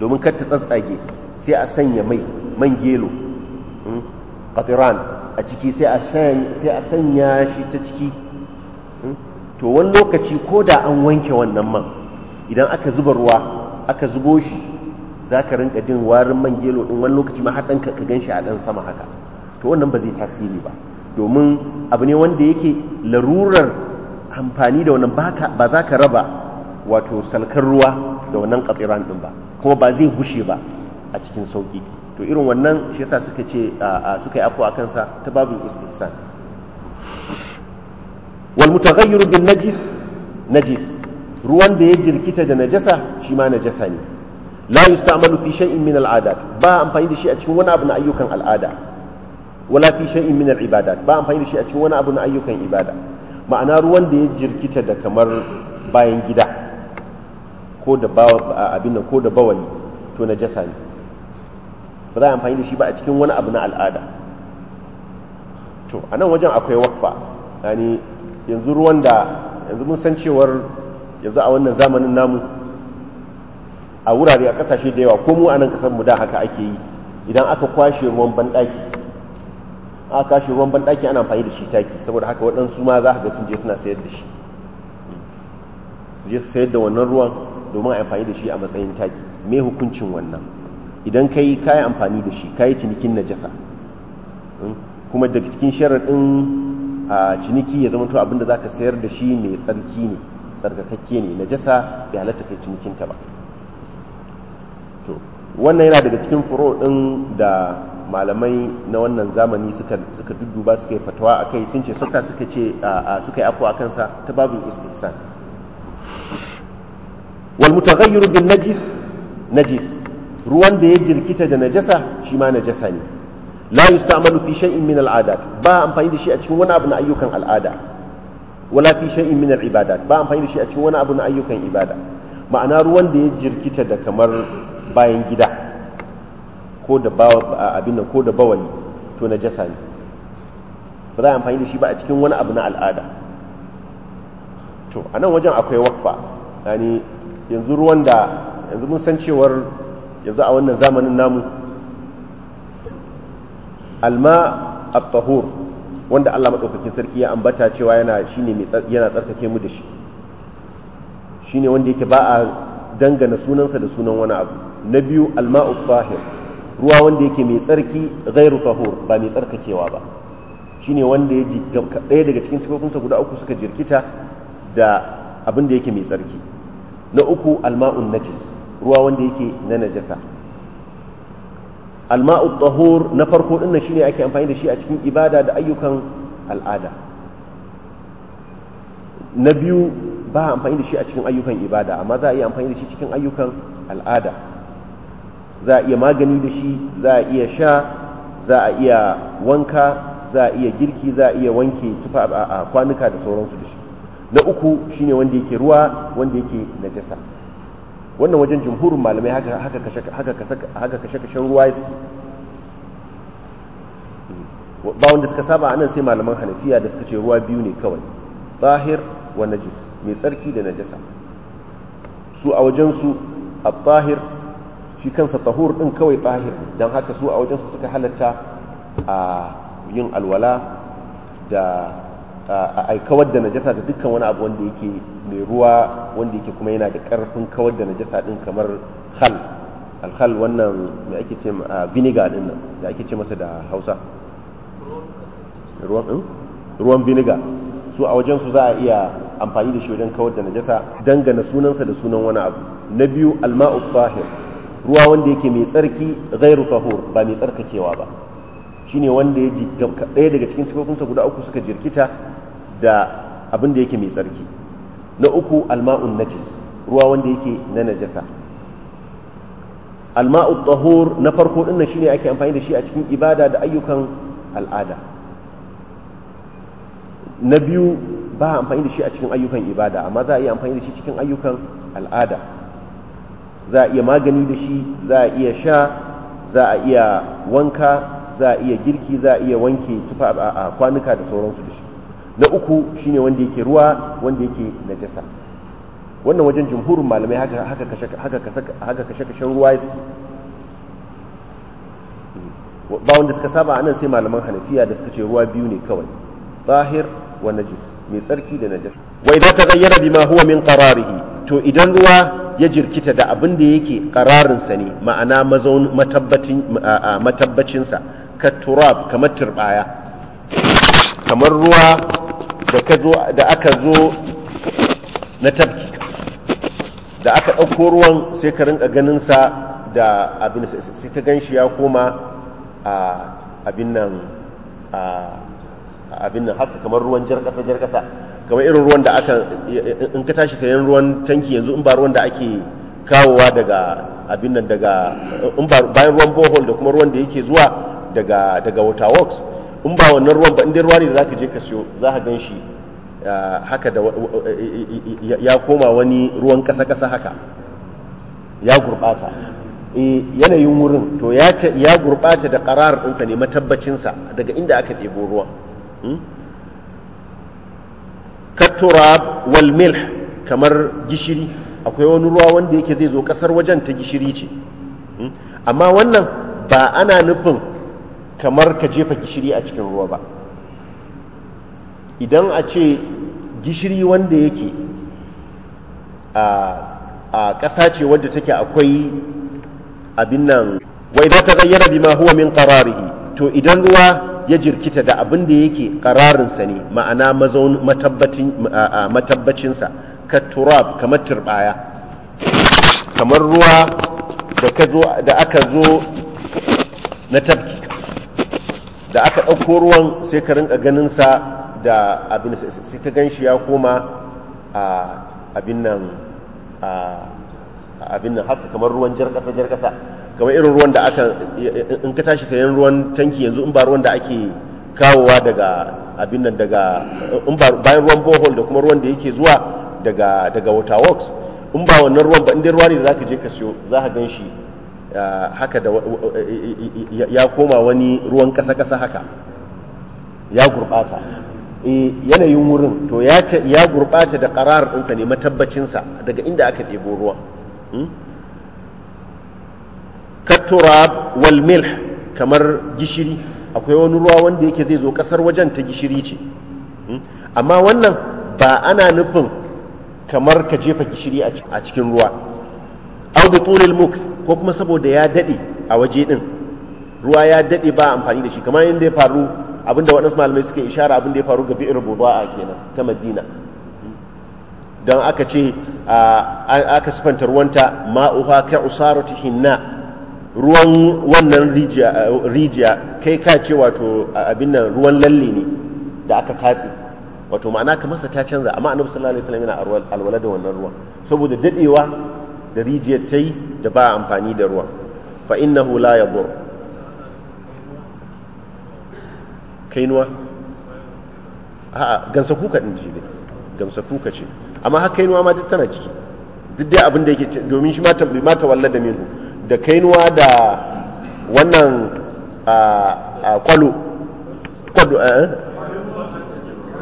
domin kar ta tsatsage sai a sanya mai man gelo ƙatiran hmm, a ciki sai a sanya shi ta ciki hmm? to wani lokaci ko da an wanke wannan man idan aka zuba ruwa aka zubo shi za ka rinka jin warin man gelo ɗin wani lokaci ma ka gan shi a ɗan sama haka to wannan ba zai tasiri ba domin abu ne wanda yake larurar amfani da wannan ba za ka raba wato salkar ruwa da wannan ƙatsiran ɗin ba kuma ba zai gushe ba a cikin sauƙi to irin wannan shi yasa suka ce suka yi a kansa ta babu istihsan wal mutaghayyir bin najis najis ruwan da ya jirkita da najasa shi ma najasa ne la yusta'malu fi shay'in min adat ba amfani da shi a cikin wani abu na ayyukan al'ada wala fi shay'in min ibadat ba amfani da shi a cikin wani abu na ayyukan ibada ma'ana ruwan da ya jirkita da kamar bayan gida ko da abin nan, ko da bawani to najasa ne ba za a amfani da shi ba a cikin wani abu na al'ada to a nan wajen akwai wakfa yani yanzu ruwan da yanzu mun san cewar yanzu a wannan zamanin namu a wurare a kasashe da yawa ko mu a nan kasar mu da haka ake yi idan aka kwashe ruwan banɗaki aka kwashe ruwan banɗaki ana amfani da shi taki saboda haka waɗansu ma za ka ga sun je suna sayar da shi su je su sayar da wannan ruwan domin a amfani da shi a matsayin taki me hukuncin wannan idan ka yi kayi amfani da shi ka yi cinikin najasa hmm? kuma daga cikin ɗin a ciniki ya zama to abinda za ka sayar da shi mai tsarki ne tsarkakakke ne najasa bai halatta kai ta ba to wannan yana daga cikin furo ɗin da malamai na wannan zamani suka suka dudduba suka yi fatawa a kai sun ce sassa suka ce suka yi afuwa kansa ta babin istihsan wal mutaghayyiru bin najis najis ruwan da ya jirkita da najasa shi ma najasa ne la yusta'malu fi shay'in min al'adat ba amfani da shi a cikin wani abu na ayyukan al'ada wala fi shay'in min al'ibadat ba amfani da shi a cikin wani abu na ayyukan ibada ma'ana ruwan da ya jirkita da kamar bayan gida ko da ba abin nan ko da bawali to najasa ne ba za a amfani da shi ba a cikin wani abu na al'ada to a nan wajen akwai wakfa yani yanzu ruwan da yanzu mun san cewar yanzu a wannan zamanin namu alma at wanda Allah madaukakin sarki ya ambata cewa yana shine mai yana tsarkake mu da shi shine wanda yake ba a dangana sunansa da sunan wani abu na biyu alma'u tahir ruwa wanda yake mai tsarki ghairu tahur ba mai tsarkakewa ba shine wanda ya ɗaya daga cikin sifofinsa guda uku suka jirkita da abin da yake mai tsarki na uku alma'un najis ruwa wanda yake na najasa alma'u tahur na farko dinnan shine ake amfani da shi a cikin ibada da ayyukan al'ada na biyu ba amfani da shi a cikin ayyukan ibada amma za a iya amfani da shi cikin ayyukan al'ada za a iya magani da shi za a iya sha za a iya wanka za a iya girki za a iya wanke tufa a kwanuka da sauransu da shi na uku shine wanda yake ruwa wanda yake najasa wannan wajen jumhurin malamai haka kashe-kashen ruwa ya suke ba wanda suka saba a nan sai malaman hanafiya da suka ce ruwa biyu ne kawai zahir wa najis mai tsarki da najasa su a wajensu a zahir shi kansa tahur din kawai zahir don haka su a wajensu suka halatta a yin alwala da a aikawar da najasa da dukkan wani abu wanda yake mai ruwa wanda yake kuma yana da karfin kawar da najasa din kamar hal alhal wannan da ake ce vinegar din nan da ake ce masa da hausa eh? ruwan vinegar su a wajen su za a iya amfani da shi wajen kawar da najasa dangana sunansa da sunan wani abu na biyu alma'u tahir ruwa wanda yake mai tsarki ghairu tahur ba mai tsarkakewa ba shine wanda ya ji ɗaya daga cikin sifofinsa guda uku suka jirkita da abin da yake mai tsarki na uku alma'un najis ruwa wanda yake na najasa alma'u tahur na farko din nan shine ake amfani da shi a cikin ibada da ayyukan al'ada na biyu ba amfani da shi a cikin ayyukan ibada amma za a iya amfani da shi cikin ayyukan al'ada za a iya magani da shi za a iya sha za a iya wanka za a iya girki za a iya wanke tufa a kwanuka da sauransu da shi na uku shine wanda yake ruwa wanda yake najasa wannan wajen jumhurin malamai haka kashe kashen ruwa suke ba wanda suka saba anan sai malaman hanafiya da suka ce ruwa biyu ne kawai zahir wa najis mai tsarki da najis wa idza taghayyara bima huwa min qararihi to idan ruwa ya jirkita da abin da yake qararinsa ne ma'ana mazaun matabbacin matabbacin sa ka turab kamar turbaya kamar ruwa da aka zo na tabki da aka ɗauko ruwan sai ka rinka ganinsa da abin sai ka gan shi ya koma abin nan abin nan haka kamar ruwan jar ƙasa jar ƙasa kamar irin ruwan da aka in ka tashi sayan ruwan tanki yanzu in ba ruwan da ake kawowa daga abin nan daga bayan ruwan borehole, da kuma ruwan da yake zuwa daga daga works in ba wannan ruwan ba in dai ruwa ne da zaka je ka siyo za ka gan shi ah, haka da eh, eh, eh, ya koma wani ruwan kasa-kasa haka ya gurbata yanayin wurin to ya gurbata da karar ɗinsa ne matabbacinsa daga inda aka ɗebo ruwa hmm? katturab wal milh kamar gishiri akwai wani ruwa wanda yake zai zo ƙasar wajen ta gishiri ce hmm? amma wannan ba ana nufin kamar ka jefa gishiri a cikin ruwa ba idan a ce gishiri wanda yake a ƙasa ce wadda take akwai abin nan wai za ta zayyana bi ma huwa min to idan ruwa ya jirkita da abin da yake ƙararinsa ne ma'ana matabbacinsa ka turab kamar turbaya kamar ruwa da aka zo na tafki da aka ɗauko ruwan sai ka rinka ganinsa da abin sai ka gan shi ya koma abin nan abin nan haka kamar ruwan jar ƙasa jar ƙasa kamar irin ruwan da aka in ka tashi sayan ruwan tanki yanzu in ba ruwan da ake kawowa daga abin nan daga in ba bayan ruwan borehole da kuma ruwan da yake zuwa daga daga water works in ba wannan ruwan ba in dai ruwa ne da zaka je ka siyo za ka gan shi Ah, haka da ya koma wani ruwan kasa-kasa haka ya gurbata eh, yanayin wurin to ya gurbata da ƙarar ɗinsa ne matabbacinsa daga inda aka ɗebo ruwan hmm? katturab wal milh kamar gishiri akwai wani ruwa wanda yake zai zo ƙasar wajen ta gishiri ce hmm? amma wannan ba ana nufin kamar ka jefa gishiri a cikin ruwa audu bi tulil muks ko kuma saboda ya dade a waje din ruwa ya dade ba amfani da shi kamar yadda ya faru abinda waɗansu malamai suke ishara abinda ya faru ga bi'ir a kenan ta madina don aka ce aka sifanta ruwanta ma'uha ka usaratu hinna ruwan wannan rijiya kai ka ce wato abin nan ruwan lalle ne da aka tatsi wato ma'ana kamar sa ta canza amma annabi sallallahu alaihi wasallam yana alwala da wannan ruwan saboda dadewa da rijiyar ta yi da ba amfani da ruwan fa hula ya yadur kainuwa a'a gamsa kuka ɗin ji gamsa kuka ce amma haka kainuwa ma duk tana ciki duk dai abin da yake domin shi ma walla da minhu da kainuwa da wannan a kwalo kwado eh?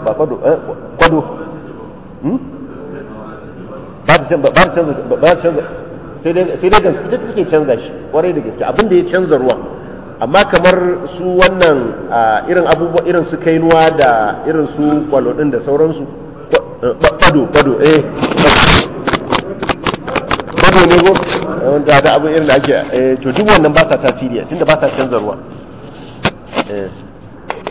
ba kwado eh? kwado hmm? babu canza canza canza sai dai gansu ita take canza shi kwarai da gaske abin da ya canza ruwan amma kamar su wannan irin abubuwa irin su kainuwa da irin su kwalo din da sauransu bado bado eh bado ne go wanda da abin irin da ake eh to duk wannan ba sa tasiri tunda ba sa canza ruwa eh,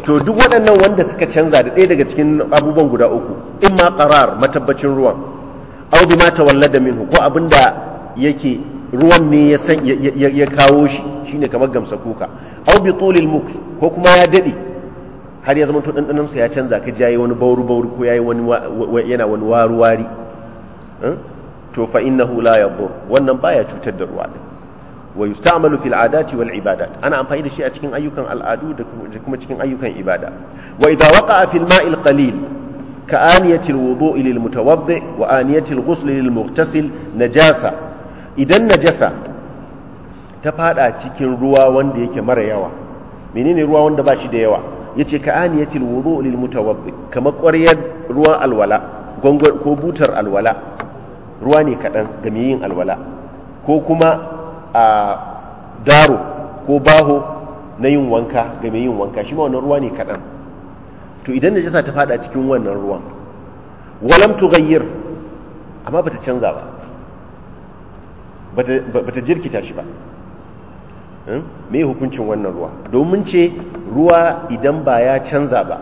to duk waɗannan wanda suka canza da ɗaya daga cikin abubuwan guda uku in ma qarar matabbacin ruwan bi mata wallada minhu ko abinda yake ruwan ne ya kawo shi shine kamar gamsa kuka aubi bi tulil muk ko kuma ya dade har ya zama to dandanan sa ya canza ka jaye wani bauru bauru ko yayi wani yana wani waru wari hmm? to fa innahu la yadur wannan baya cutar da ruwa wa yusta'malu fil adati wal ibadat ana amfani da shi a cikin ayyukan al'adu da kuma cikin ayyukan ibada wa idza waqa'a fil ma'il qalil Ka'aniyatil wobo ililmu ta wabbe wa'aniyatil gusul ililmu tasir na Idan na ta faɗa cikin ruwa wanda yake mara yawa, menene ne ruwa wanda ba shi da yawa? Ya ce ka'aniyatil wobo ililmu kama ƙwariyar ruwan alwala gwangwad, ko butar alwala ruwa ne kaɗan game yin alwala, ko kuma a Daro, ko Baho na yin wanka game yin wanka. shi ma wanne ruwa ne kaɗan? to idan najasa ta fada cikin wannan ruwan walam tughayyir amma bata canza ba bata jirkita shi ba hmm? me hukuncin wannan ruwa domin ce ruwa idan ba ya canza ba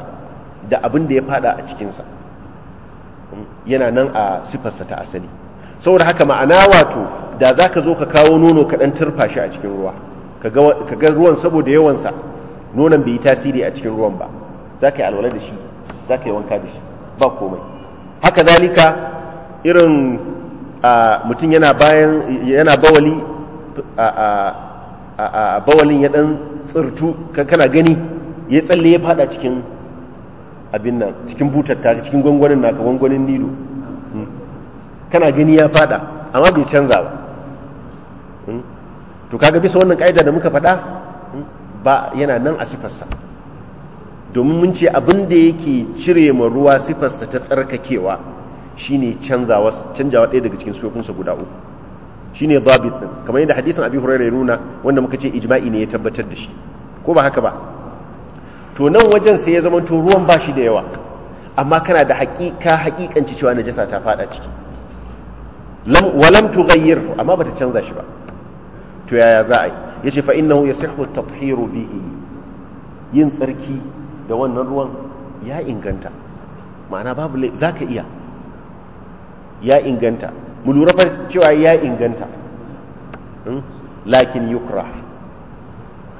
da abin da ya fada a cikinsa hmm, yana nan a sifarsa ta asali saboda haka ma'ana wato da za ka zo ka kawo nono kaɗan turfa shi a cikin ruwa ka ga ruwan saboda yawansa nonon bai yi tasiri a cikin ruwan ba za ka yi alwala da shi za ka yi wanka da shi ba komai haka zalika irin mutum yana bayan yana bawali a bawalin ya dan tsirtu kana gani ya tsalle ya fada cikin abin nan cikin butar ta cikin gwangwanin naka gwangwanin nido hmm. kana gani ya fada amma bai canza ba hmm. to kaga bisa wannan ka'ida da muka faɗa hmm. ba yana nan a sifarsa domin mun ce abin da yake cire ma ruwa sifarsa ta tsarkakewa shine canzawa canjawa ɗaya daga cikin sifofinsa guda uku shine dhabit din kamar yadda hadisin abi hurairah ya nuna wanda muka ce ijma'i ne ya tabbatar da shi ko ba haka ba to nan wajen sai ya zama to ruwan ba shi da yawa amma kana da haƙiƙa haƙiƙanci cewa najasa ta fada ciki walam tughayyir amma bata canza shi ba to yaya za a yi yace fa innahu yasihhu at-tathhiru bihi yin tsarki da wannan ruwan ya inganta ma'ana babu za ka iya ya inganta mu lura fa cewa ya inganta hmm? lakin yukra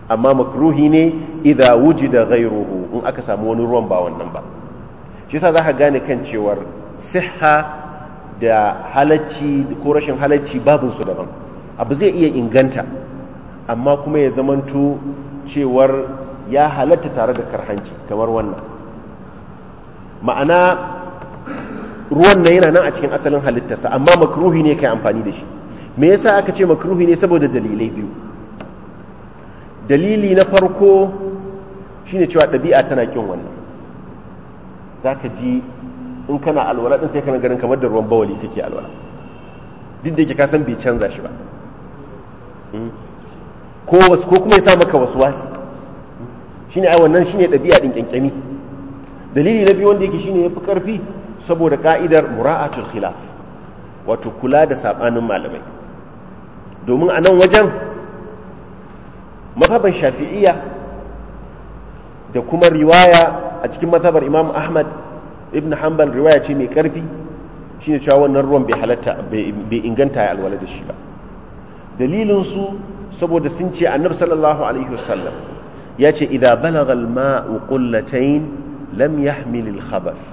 amma makruhi ne idza wujida ghayruhu in aka samu wani ruwan ba wannan ba shi yasa zaka gane kan cewar sihha da halacci ko rashin halacci babu su daban abu zai iya inganta amma kuma ya zamanto cewar ya halatta tare da karhanci kamar wannan ma'ana ruwan na yana nan a cikin asalin halittarsa amma makruhi ne kai amfani da shi me yasa aka ce makruhi ne saboda dalilai biyu dalili na farko shine cewa ɗabi'a tana kin wannan zaka ji in kana alwala din sai kana ganin kamar da ruwan bawali take alwala duk da yake ka san bai canza shi ba hmm? ko wasu ko kuma ya sa maka wasu wasu shine ai wannan shine dabi'a din kyankyami dalili na biyu wanda yake shine yafi karfi saboda ka'idar mura'atul khilaf wato kula da sabanin malamai domin a nan wajen mafaban shafi'iyya da kuma riwaya a cikin mazhabar imam ahmad ibn hanbal riwaya ce mai karfi shine cewa wannan ruwan bai halatta bai inganta ya alwala da shi ba dalilin su saboda sun ce annabi sallallahu alaihi wasallam ya ce idan balagal al-ma'u qullatayn lam yahmil al-khabath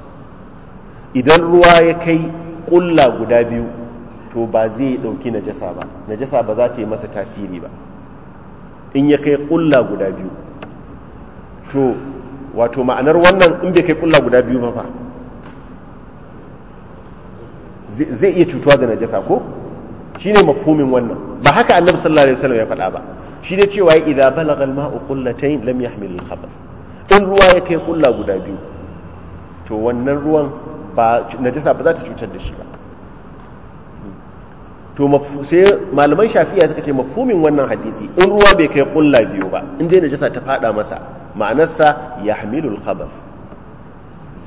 idan ruwa ya kai kulla guda biyu to ba zai dauki najasa ba najasa ba za ta yi masa tasiri ba in ya kai kulla guda biyu to wato ma'anar wannan in bai kai kulla guda biyu ba fa zai iya cutuwa ga najasa ko shine mafhumin wannan ba haka annabi sallallahu alaihi wasallam ya faɗa ba shi ne cewa ya idan balagal mau qullatayn lam lamya hamilin haɓar in ruwa ya kai kulla guda biyu to wannan ruwan na najasa ba za ta cutar da shi ba to sai malaman shafiya suka ce mafumin wannan hadisi in ruwa bai kai kulla biyu ba in dai najasa ta fada masa ma'anarsa yahmilul khabar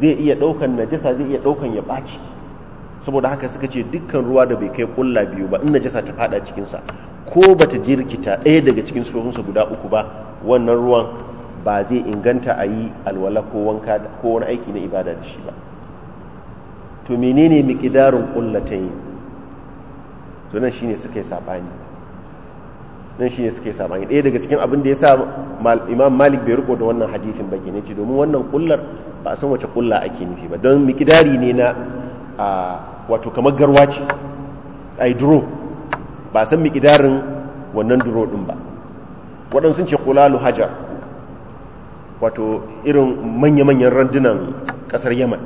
zai iya na najasa zai iya ɗaukan ya ɓaci saboda haka suka ce dukkan ruwa da bai kai kulla biyu ba in najasa ta fada cikinsa. ko bata jirkita ɗaya daga cikin surorinsa guda uku ba wannan ruwan ba zai inganta a yi alwala ko wanka ko wani aiki na ibada da shi ba to menene miƙidarin ƙullatayin to nan shine suka yi saɓani nan shine suka yi saɓani ɗaya daga cikin abin da ya sa imam malik bai riko da wannan hadithin ba ke ce domin wannan ƙullar ba a san wace ƙulla ake nufi ba don miƙidari ne na wato kamar garwa ce a ba san miƙidarin wannan duro din ba waɗansu ce kulalu hajar wato irin manya-manyan randunan ƙasar yaman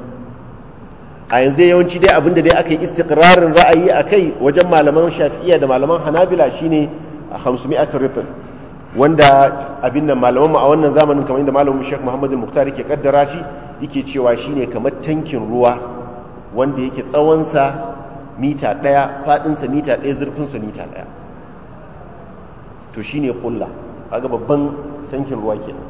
a yanzu dai yawanci dai abinda dai aka yi istikrarin ra'ayi a kai wajen malaman shafi'iyya da malaman hanabila shine a mi'a ritin wanda abin nan mu a wannan zamanin kamar inda malamin shek muhammadu muktar ke kaddara shi yake cewa shine kamar tankin ruwa wanda yake tsawonsa mita ɗaya faɗinsa mita ɗaya zurfinsa mita ɗaya to shi ne kulla aga babban tankin ruwa kenan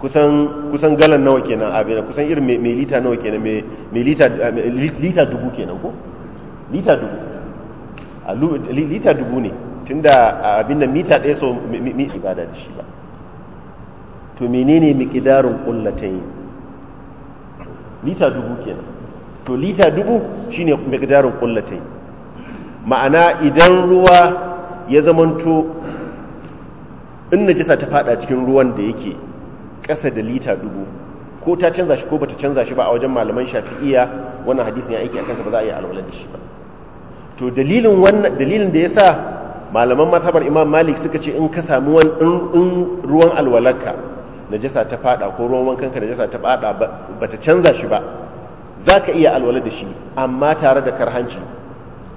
kusan galan nawa kenan abin kusan irin mai lita nawa kenan mai lita dubu kenan ko lita dubu A lita dubu ne tun da abin da mita ɗaya so mai ibada da shi ba to menene miƙidarin ƙullatayin lita dubu kenan to lita dubu shine miqdarin kullatai ma'ana idan ruwa ya zamanto in najasa ta fada cikin ruwan da yake ƙasa da lita dubu ko ta canza shi ko bata canza shi ba a wajen malaman shafi'iya wannan hadisin ya aiki a kansa ba za a yi alwala da shi ba to dalilin wannan dalilin da yasa malaman mazhabar imam malik suka ce in ka samu in ruwan alwalarka najasa ta fada ko ruwan wankanka najasa ta fada bata canza shi ba za ka iya alwala da shi amma tare da karhanci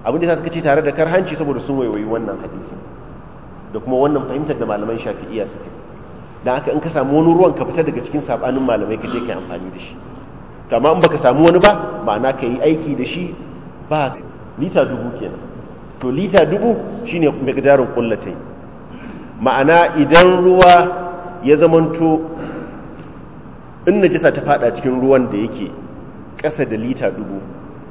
abinda sa suka ce tare da karhanci saboda sun waiwayi wannan hadisi da kuma wannan fahimtar da malaman shafi'iya suka da haka in ka samu wani ruwan ka fita daga cikin sabanin malamai ka je ka yi amfani da shi to amma in baka samu wani ba ma'ana ka yi aiki da shi ba lita dubu kenan to lita dubu shine miqdarun kullatai ma'ana idan ruwa ya zamanto in najasa ta fada cikin ruwan da yake ƙasa da lita dubu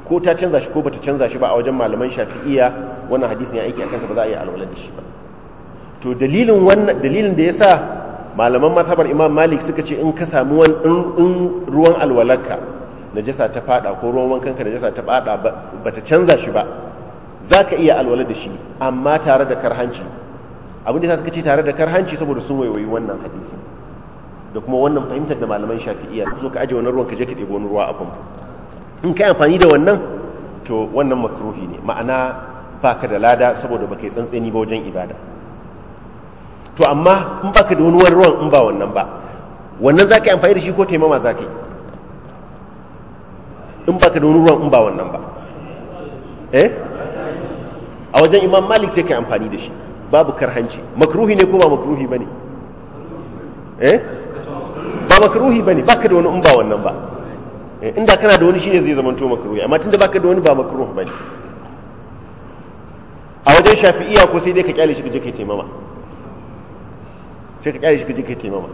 ko ta canza shi ko ba ta canza shi ba a wajen malaman shafi'iya wannan hadisin ya aiki a kansa ba za a yi alwala da shi ba to dalilin wannan dalilin da yasa malaman mazhabar imam malik suka ce in ka samu in ruwan alwalarka najasa ta fada ko ruwan wankan na najasa ta fada ta canza shi ba za ka iya alwala da shi amma tare da karhanci abin da sa suka ce tare da karhanci saboda sun waiwayi wannan hadisi da kuma wannan fahimtar da malaman shafi'iyya zo ka aje wannan ruwan ka je ka ɗebo ruwa a famfo in ka amfani da wannan to wannan makruhi ne ma'ana baka da lada saboda baka yi tsantseni ba wajen ibada to amma in baka da wani ruwan in ba wannan ba wannan za ka yi amfani da shi ko taimama za ka yi in baka da wani ruwan in ba wannan ba eh a wajen imam malik sai ka yi amfani da shi babu karhanci makruhi ne ko ba makruhi ba ne eh ba makruhi bane baka da wani in ba wannan ba eh, inda kana da wani shine zai zama to makruhi amma tunda baka da wani ba makruhi bane a wajen shafi'iya ko sai dai ka kyale shi ka je kai taimama sai ka kyale shi ka je kai taimama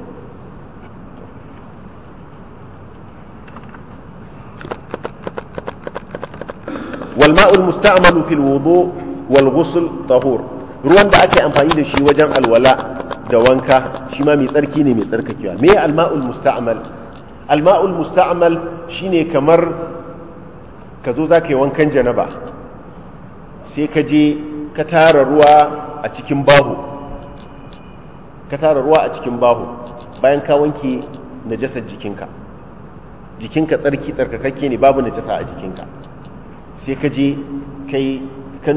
والماء المستعمل في الوضوء والغسل طهور ruwan da ake amfani da shi wajen alwala da wanka shi ma mai tsarki ne mai tsarkakewa me alma'ul musta'mal alma'ul musta'mal shine kamar ka zo za ka yi wankan janaba sai ka je ka tara ruwa a cikin baho ka tara ruwa a cikin baho bayan ka wanke najasar jikinka jikinka tsarki tsarkakakke ne babu najasa a jikinka sai ka je kai ka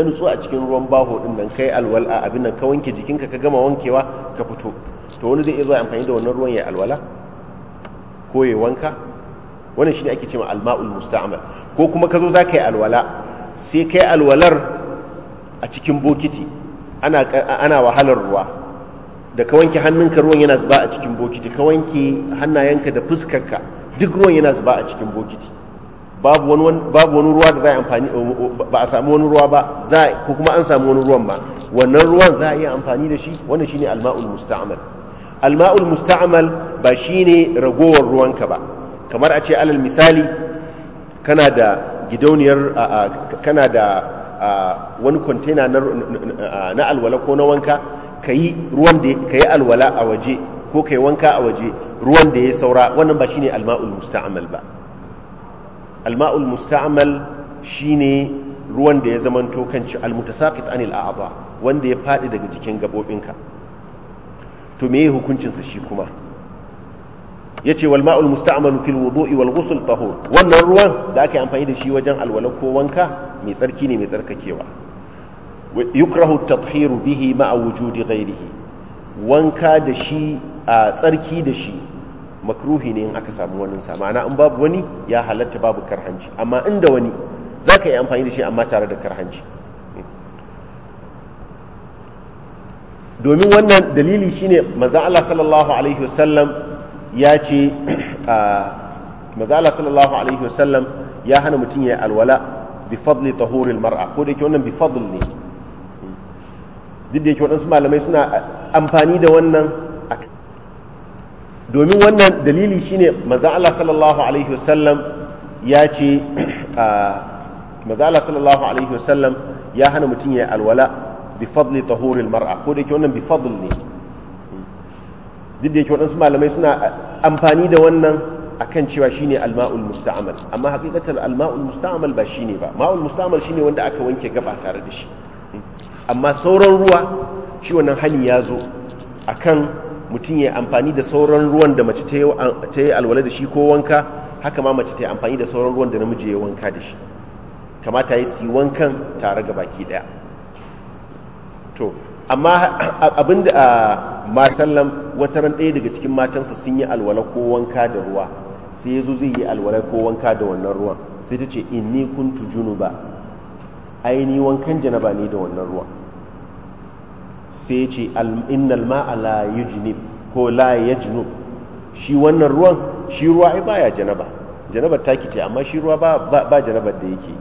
nutsu a cikin ruwan baho din nan kai alwala abin nan ka wanke jikinka ka gama wankewa ka fito to wani zai iya zuwa amfani da wannan ruwan ya alwala ko ya wanka wannan shine ake cewa alma'ul musta'mal ko kuma ka zo za ka yi alwala sai ka yi alwalar a cikin bokiti ana wahalar ruwa da ka wanke hannunka ruwan yana zuba a cikin bokiti ka wanke hannayenka da fuskarka duk ruwan yana zuba a cikin bokiti babu wani ruwa da za a amfani ba a samu wani ruwa ba za ko kuma an samu wani ruwan ba wannan ruwan za a iya amfani da shi wannan shine alma'ul musta'mal alma'ul musta'mal ba shine ragowar ruwanka ba kamar a ce alal misali kana da gidauniyar kana da wani kwantena na alwala ko na wanka ka yi alwala a waje ko ka wanka a waje ruwan da ya saura wannan ba shine alma'ul musta'mal ba alma'ul musta'mal shine ruwan da ya zamanto kanci almutasaqit anil a'dha wanda ya fadi daga jikin gabobinka to meye hukuncin sa shi kuma yace wal ma'ul musta'malu fil wudu'i wal ghusl tahur wannan ruwan da aka yi amfani da shi wajen alwala ko wanka mai tsarki ne mai tsarkakewa yukrahu at bihi ma'a wujudi ghayrihi wanka da shi a tsarki da shi makruhi ne in aka samu wani sa ma'ana in babu wani ya halatta babu karhanci amma inda wani za ka yi amfani da shi amma tare da karhanci domin wannan dalili shine maza Allah sallallahu alaihi wasallam ya ce maza Allah sallallahu alaihi wasallam ya hana mutum ya yi alwala bi fadli tahuril mar'a ko da yake wannan bi fadl ne duk da yake waɗansu malamai suna amfani da wannan domin wannan dalili shine manzo Allah sallallahu alaihi wasallam ya ce manzo Allah sallallahu alaihi wasallam ya hana mutum ya alwala bi fadli tahuril mar'a ko da yake wannan bi fadl ne duk da yake waɗansu malamai suna amfani da wannan akan cewa shine alma'ul musta'mal amma hakikatan alma'ul musta'mal ba shine ba ma'ul musta'mal shine wanda aka wanke gaba tare da shi amma sauran ruwa shi wannan hani ya zo akan mutum ya amfani da sauran ruwan da mace ta yi alwala da shi ko wanka haka ma mace ta yi amfani da sauran ruwan da namiji ya wanka da shi kamata ya yi wankan tare ga baki daya to amma abinda a masallam wata ran ɗaya daga cikin matansa sun yi alwala ko wanka da ruwa sai ya zo zai yi alwala ko wanka da wannan ruwan sai ta ce in ni kuntu junuba ai ni wankan janaba ne da wannan ruwan sai ya ce innal ma'a la yujnib ko la yajnub shi wannan ruwan shi ruwa ai baya janaba janabar ta kice amma shi ruwa ba ba janabar da yake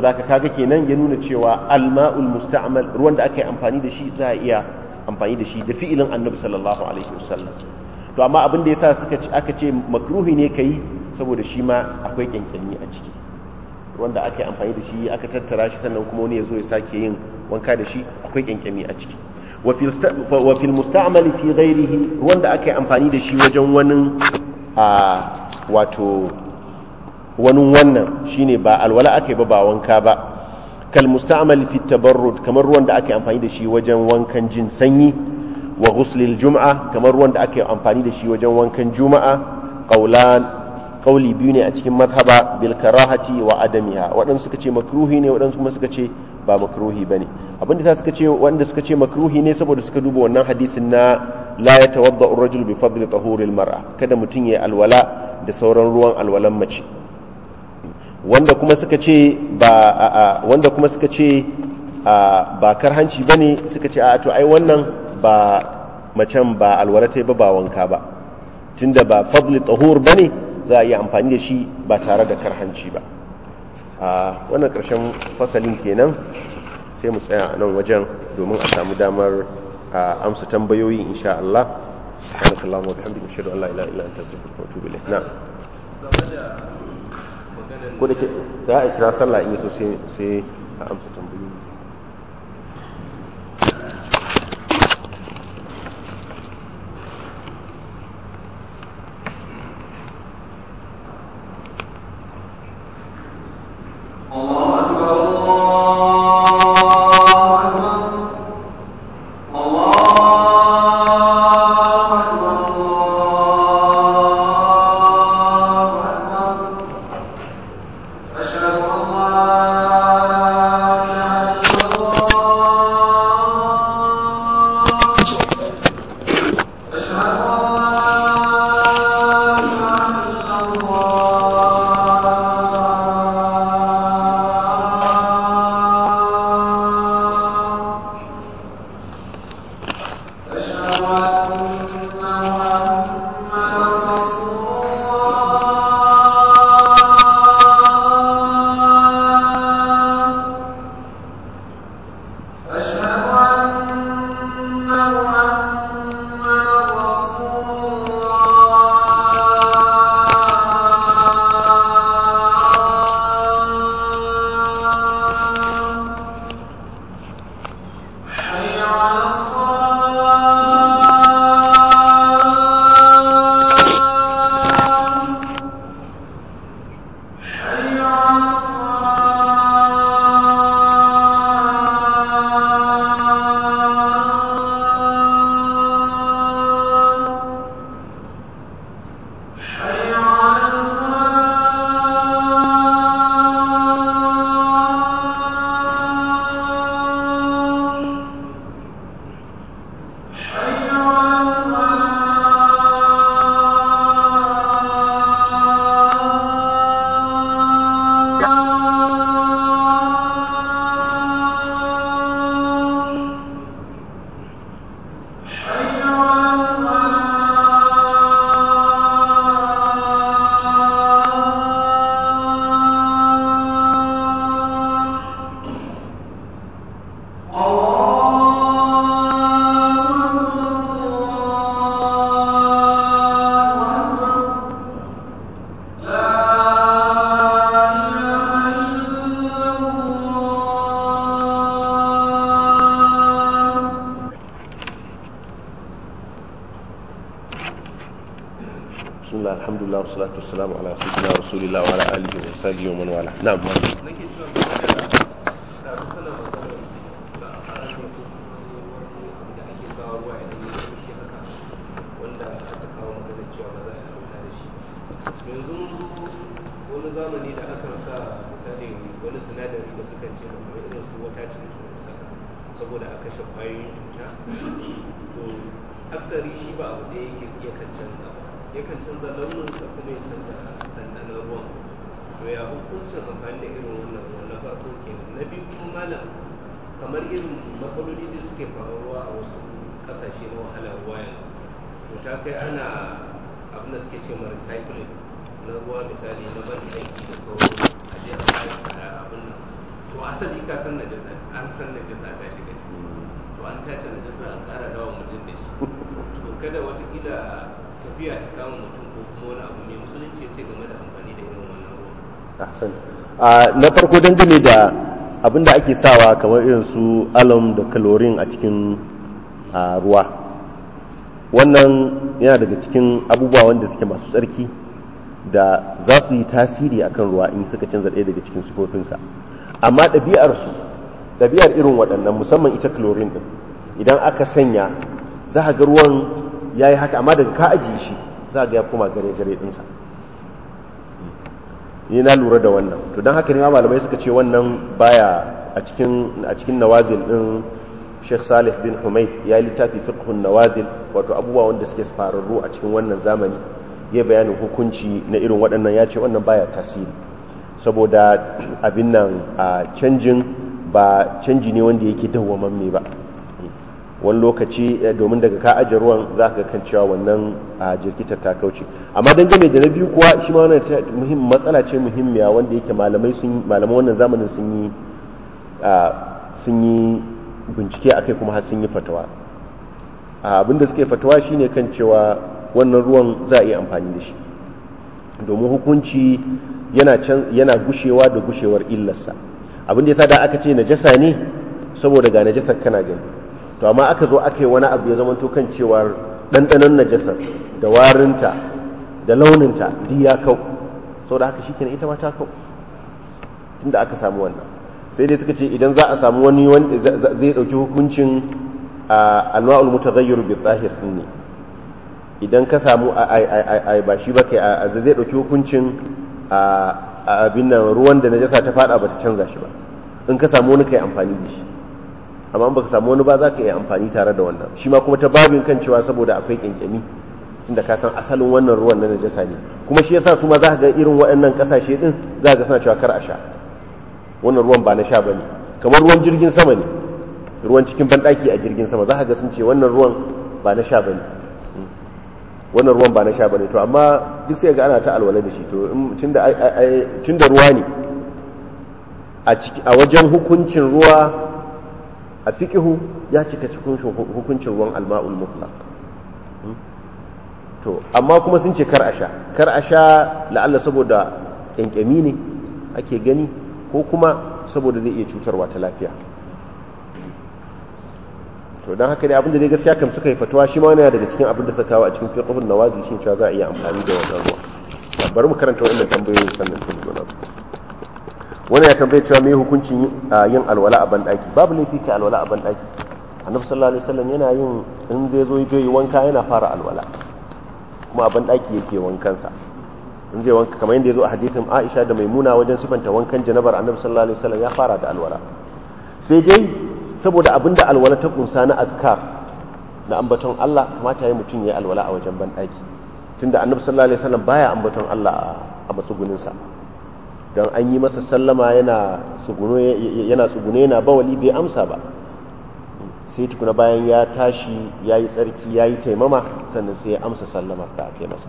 da haka kaga kenan ya nuna cewa alma'ul musta'mal ruwan da aka yi amfani da shi za a iya amfani da shi da fi'ilin annabi sallallahu alaihi wasallam to amma abin da yasa suka ci aka ce makruhi ne kai saboda shi ma akwai kyankyani a ciki wanda aka yi amfani da shi aka tattara shi sannan kuma wani ya zo ya sake yin wanka da shi akwai kyankyami a ciki wa fil musta'mal fi ghairihi ruwan da aka amfani da shi wajen wani a wato wani wannan shine ba alwala aka ba ba wanka ba kal musta'mal fi tabarrud kamar ruwan da aka amfani da shi wajen wankan jin sanyi wa ghuslil jum'a kamar ruwan da aka amfani da shi wajen wankan juma'a qaulan biyu ne a cikin mazhaba bil karahati wa adamiha waɗansu suka ce makruhi ne waɗansu kuma suka ce ba makruhi bane abinda ta suka ce wanda suka ce makruhi ne saboda suka duba wannan hadisin na la yatawadda ar-rajulu bi fadli al mar'a kada mutun yayi alwala da sauran ruwan alwalan mace wanda kuma suka ce ba wanda kuma suka ce ba karhanci bane suka ce a to ai wannan ba macen ba alwala ta ba ba wanka ba tunda ba fadli tahur bane za a yi amfani da shi ba tare da karhanci ba a wannan ƙarshen fasalin kenan sai mu tsaya a nan wajen domin a samu damar a amsa tambayoyi insha Allah subhanaka allahumma wa bihamdika ashhadu da Allah ila ila anta astaghfiruka wa tubi ilayk na'am ko da ke za a kira sallah in yaso sai sai a amsa tambayoyi والسلام على سيدنا رسول الله وعلى آله وصحبه ومن والاه نعم wani zamani da akan sa misali wani sinadari da suka irin su wata cuta saboda kwayoyin cuta to aksari shi ba abu da yake iya kan canza yakan canza launinsa kuma ya canza ɗanɗanon ruwan to ya hukuncin amfani da irin wannan na farko ke na biyu kuma malam kamar irin matsaloli da suke faruwa a wasu ƙasashe na wahalar ruwa yanzu to ta kai ana abin da suke ce ma recycling na ruwa misali na bari aiki da sauran a je a bayar da abin nan to asali ka san na jasa an san na jasa ta shiga ciki to an tace na jasa an ƙara dawa mutum da shi to kada wata kila tafiya ta kama mutum ko kuma wani abu mai musulunci ce game da amfani da irin wannan ruwa A na farko dangane da abin da ake sawa kamar irin su alum da chlorine a cikin ruwa wannan yana daga cikin abubuwa wanda suke masu tsarki da za su yi tasiri a kan ruwa in suka canza ɗaya daga cikin sifofinsa amma ɗabi'arsu ɗabi'ar irin waɗannan musamman ita chlorine ɗin idan aka sanya za a ga ruwan ya yi haka amma daga ka ajiye shi za ga ya koma gare gare ɗinsa ni na lura da wannan to don haka ne malamai suka ce wannan baya a cikin a nawazil din Sheikh Salih bin Humayd ya yi littafi fiqhun nawazil wato abubuwa wanda suke fararru a cikin wannan zamani ya bayanin hukunci na irin waɗannan ya ce wannan baya tasiri saboda abin nan a canjin ba canji ne wanda yake mamme ba wani lokaci eh, domin daga ka aje ruwan za ka kan cewa wannan a jirkitar ta kauce amma dangane da na biyu kuwa shi ma wannan matsala ce muhimmiya wanda yake malamai sun wannan zamanin sun yi sun yi bincike akai kuma har sun yi fatawa abinda suke fatawa shine kan cewa wannan ruwan za a yi amfani da shi domin hukunci yana gushewa da gushewar illarsa abinda yasa da aka ce najasa ne saboda ga najasar kana gani to amma aka zo aka yi wani abu ya zama kan cewar ɗanɗanon najasar da warinta da launinta duk ya kau sau da haka shikenan ita ma ta kau tunda aka samu wannan sai dai suka ce idan za a samu wani zai ɗauki hukuncin anwa'ul mutaghayyir bi zahir ne idan ka samu ai ba shi ba kai zai ɗauki hukuncin a abin nan ruwan da najasa ta fada bata canza shi ba in ka samu wani kai amfani da shi amma baka samu wani ba za ka iya amfani tare da wannan shi ma kuma ta babin kan cewa saboda akwai kyankyami da ka san asalin wannan ruwan na najasa ne kuma shi yasa su ma za ka ga irin waɗannan ƙasashe din za ka ga suna cewa kar a sha wannan ruwan ba na sha bane kamar ruwan jirgin sama ne ruwan cikin banɗaki a jirgin sama za ka ga sun ce wannan ruwan ba na sha bane wannan ruwan ba na sha to amma duk sai ga ana ta alwala da shi to tunda da ruwa ne a wajen hukuncin ruwa a fiƙihu ya cika cikin hukuncin ruwan alma'ul mutlaq hmm? to amma kuma sun ce kar a sha kar a sha la'alla saboda ƙyanƙyami ne ake gani ko kuma saboda zai iya cutarwa ta lafiya to don haka dai abinda dai gaskiya kam suka yi fatuwa shi ma wani daga cikin abin da suka kawo a cikin fiƙihun nawazi shi cewa za a iya amfani da wannan ruwa bari mu karanta wannan tambayoyin sannan sai mu zo wani ya tambaye cewa me hukuncin yin alwala a bandaki babu laifi ka alwala a bandaki annabi sallallahu alaihi wasallam yana yin in zai zo yi wanka yana fara alwala kuma a bandaki yake wankansa in zai wanka kamar yadda ya zo a hadisin Aisha da Maimuna wajen sifanta wankan janabar annabi sallallahu alaihi wasallam ya fara da alwala sai dai saboda abinda alwala ta kunsa na azkar na ambaton Allah kamata yayi mutun yayi alwala a wajen bandaki tunda annabi sallallahu alaihi wasallam baya ambaton Allah a matsugunin sa don an yi masa sallama yana tsugune yana bawali bai amsa ba sai tukuna bayan ya tashi ya yi tsarki ya yi taimama sannan sai ya amsa sallama da aka yi masa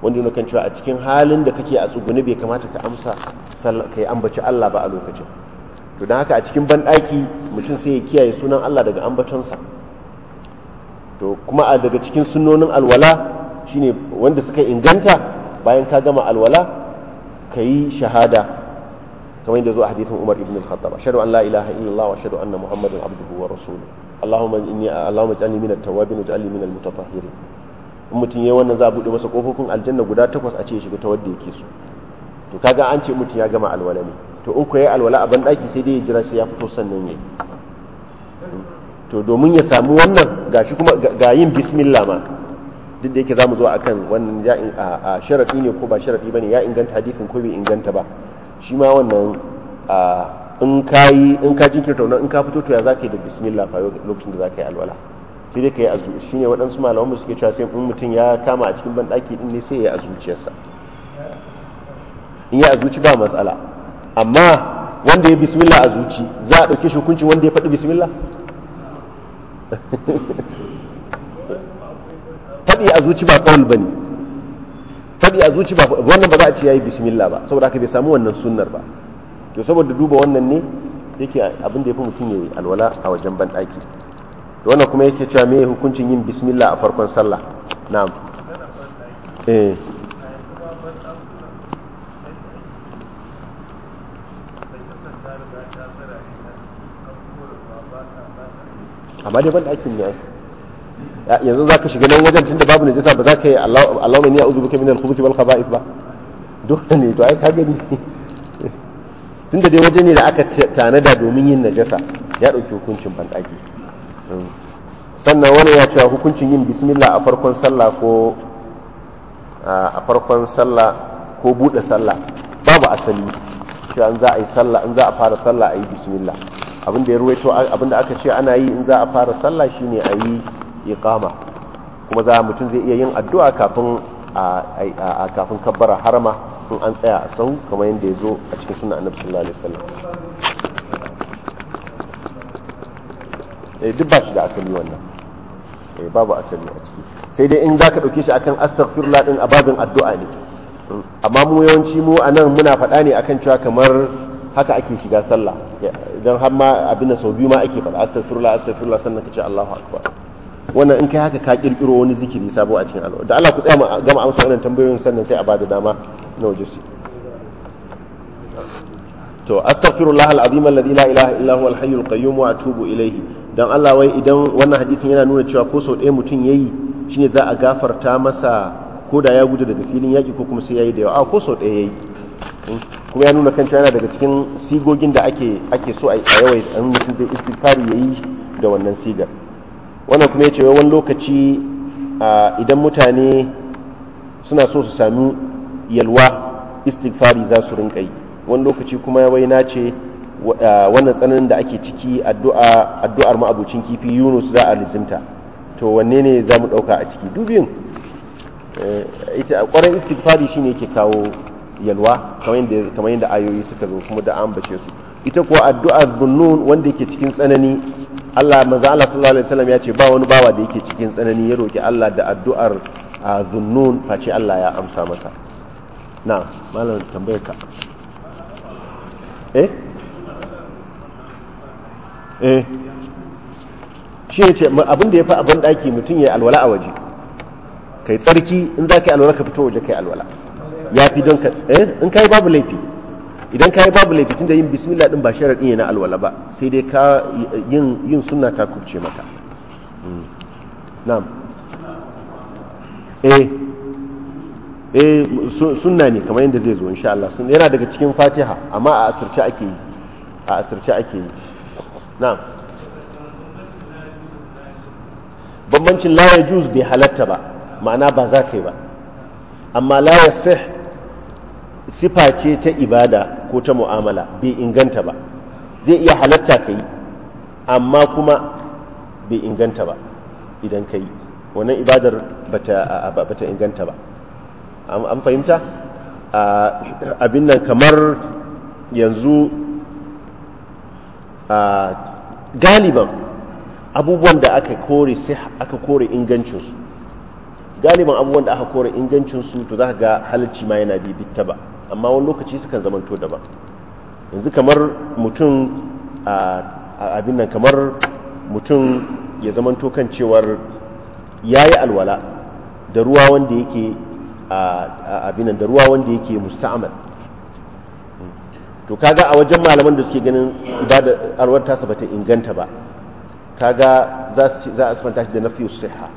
wanda yana kan cewa a cikin halin da kake a tsugune bai kamata ka amsa ka yi ambaci Allah ba a lokacin to don haka a cikin banɗaki mutum sai ya kiyaye sunan Allah daga ambatonsa to kuma a daga cikin sunonin alwala shine wanda suka inganta bayan ka gama alwala ka yi shahada kamar yadda zo a hadithin Umar ibn al-Khattab shahadu an la ilaha illallah wa shahadu anna muhammadan abduhu wa rasuluhu allahumma inni allahumma ij'alni minat tawwabin waj'alni minal mutatahhirin in mutum yayi wannan za a bude masa kofofin aljanna guda takwas a ce ya shiga ta wanda yake so to kaga an ce mutum ya gama alwala ne to in ku yayi alwala a ban daki sai dai ya jira sai ya fito sannan yayi to domin ya samu wannan gashi kuma ga yin bismillah ma duk da yake mu zo akan wannan ya a sharafi ne ko ba sharafi bane ya inganta hadisin ko bai inganta ba shi ma wannan in ka yi in ka jinkir tauna in ka fito to ya zaka yi da bismillah fa lokacin da zaka yi alwala sai dai ka yi azu ne waɗansu malaman suke cewa sai in mutum ya kama a cikin banɗaki din ne sai ya yi zuciyarsa in ya zuci ba matsala amma wanda ya bismillah zuci za a ɗauke shi hukunci wanda ya faɗi bismillah faɗi a zuci ba ƙaul ba ne faɗi a zuci ba wannan ba za a ce ya yi bismillah ba saboda haka bai samu wannan sunnar ba to saboda duba wannan ne yake abin da ya fi mutum ya yi alwala a wajen ban ɗaki to wannan kuma yake cewa me hukuncin yin bismillah a farkon sallah na'am eh amma dai ɗakin ne ai yanzu za ka shiga nan wajen tunda babu jisa ba za ka yi Allah mai ni uzu bika minar kubuti wal khaba'ith ba dole ne to ai ka gani da dai waje ne da aka tanada domin yin najasa ya dauki hukuncin bandaki sannan wani ya cewa hukuncin yin bismillah a farkon sallah ko a farkon sallah ko bude sallah babu asali cewa an za a yi sallah in za a fara sallah a yi bismillah abinda ya ruwaito abinda aka ce ana yi in za a fara sallah shine a yi iqama kuma za mutum zai iya yin addu'a kafin a kafin kabbara harama in an tsaya a sau kamar yadda ya zo a cikin suna annabi sallallahu alaihi wasallam eh duk ba shi da asali wannan eh babu asali a ciki sai dai in zaka dauke shi akan astaghfirullah din ababin addu'a ne amma mu yawanci mu anan muna faɗa ne akan cewa kamar haka ake shiga sallah idan har ma abin da sau biyu ma ake faɗa astaghfirullah astaghfirullah sannan ka ce Allahu akbar wannan in kai haka ka kirkiro wani zikiri sabo a cikin al'umma da Allah ku tsaya gama amsa wannan tambayoyin sannan sai a bada dama na waje su to astaghfirullah alazim alladhi la ilaha illa huwa alhayyul qayyum wa atubu ilayhi dan Allah wai idan wannan hadisin yana nuna cewa ko sau ɗaya mutum yayi shine za a gafarta masa ko da ya gudu daga filin yaki ko kuma sai yayi da yawa a ko sau ɗaya yayi hmm? kuma ya nuna kanta yana daga cikin sigogin da ake ake so a yawai an mutum zai istighfari yayi da wannan sigar wannan kuma ya ce wani lokaci idan mutane suna so su sami yalwa istighfari za su rinka yi wani lokaci kuma ya waina ce wannan tsananin da ake ciki addu'ar ma'abucin kifi yunus za a lizimta to wanne ne za mu ɗauka a ciki dubin eh, ita ƙwarar istighfari ne ke kawo yalwa kamar yadda ayoyi suka zo kuma da an bace su ita kuwa addu'ar bunnun wanda ke cikin tsanani Allah manzo Allah sallallahu alaihi wasallam ya ce ba wani bawa da yake cikin tsanani ya roki Allah da addu'ar zunnun face Allah ya amsa masa na malam tambayar ka eh eh shi ne ce abin da ya fi abin daki mutum ya alwala a waje kai tsarki in za ka yi alwala ka fito waje kai alwala ya fi don ka eh in kai babu laifi idan ka yi babu laifin da yin bismillah din ba sharaɗi ne na alwala ba sai dai ka yin yin sunna ta kurce maka hmm. na'am eh eh sunna ne kamar yadda zai zo insha Allah sunna yana daga cikin Fatiha amma a asirce ake yi a asirce ake yi na'am bambancin la yajuz bai halatta ba ma'ana ba za ka yi ba amma la yasih sifa ce ta ibada ko ta mu'amala bai inganta ba zai iya halatta ka yi amma kuma bai inganta ba idan ka yi wannan ibadar ba ta inganta ba an fahimta abin nan kamar yanzu galiban abubuwan da aka kore aka kore ingancinsu galiban abubuwan da aka kore ingancinsu to za ka ga halarci ma yana bibitta ba amma wani lokaci sukan zamanto daban yanzu kamar mutum a abin nan kamar mutum ya zamanto kan cewar ya yi alwala da ruwa wanda yake abin nan da ruwa wanda yake musta'amal to kaga a wajen malaman da suke ganin da alwar tasa bata inganta ba kaga za su za a sifanta shi da nafiyus sihha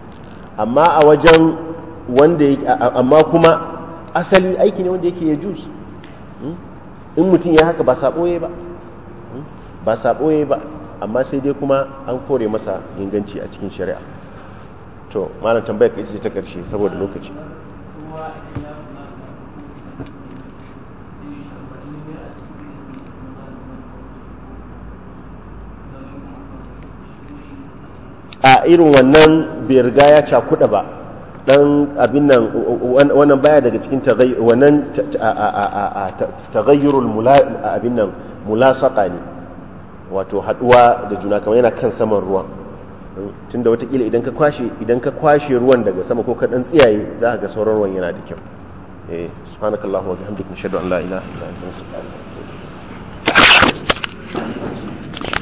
amma a wajen wanda amma kuma asali aiki ne wanda yake ya juz hmm? in mutum ya haka ba saboye ba hmm? ba saboye ba amma sai dai kuma an kore masa inganci a cikin shari'a to malam tambayar ka ta karshe saboda lokaci a irin wannan bai riga ya cakuɗa ba dan abin nan wannan baya daga cikin wannan tagayyurul abin nan mulasaka ne wato haduwa da juna kamar yana kan saman ruwan tunda watakila idan ka kwashe idan ka kwashe ruwan daga sama ko ka dan tsiyaye za ka ga sauran ruwan yana da kyau eh subhanakallahu wa bihamdika ashhadu an la ilaha illa anta astaghfiruka wa atubu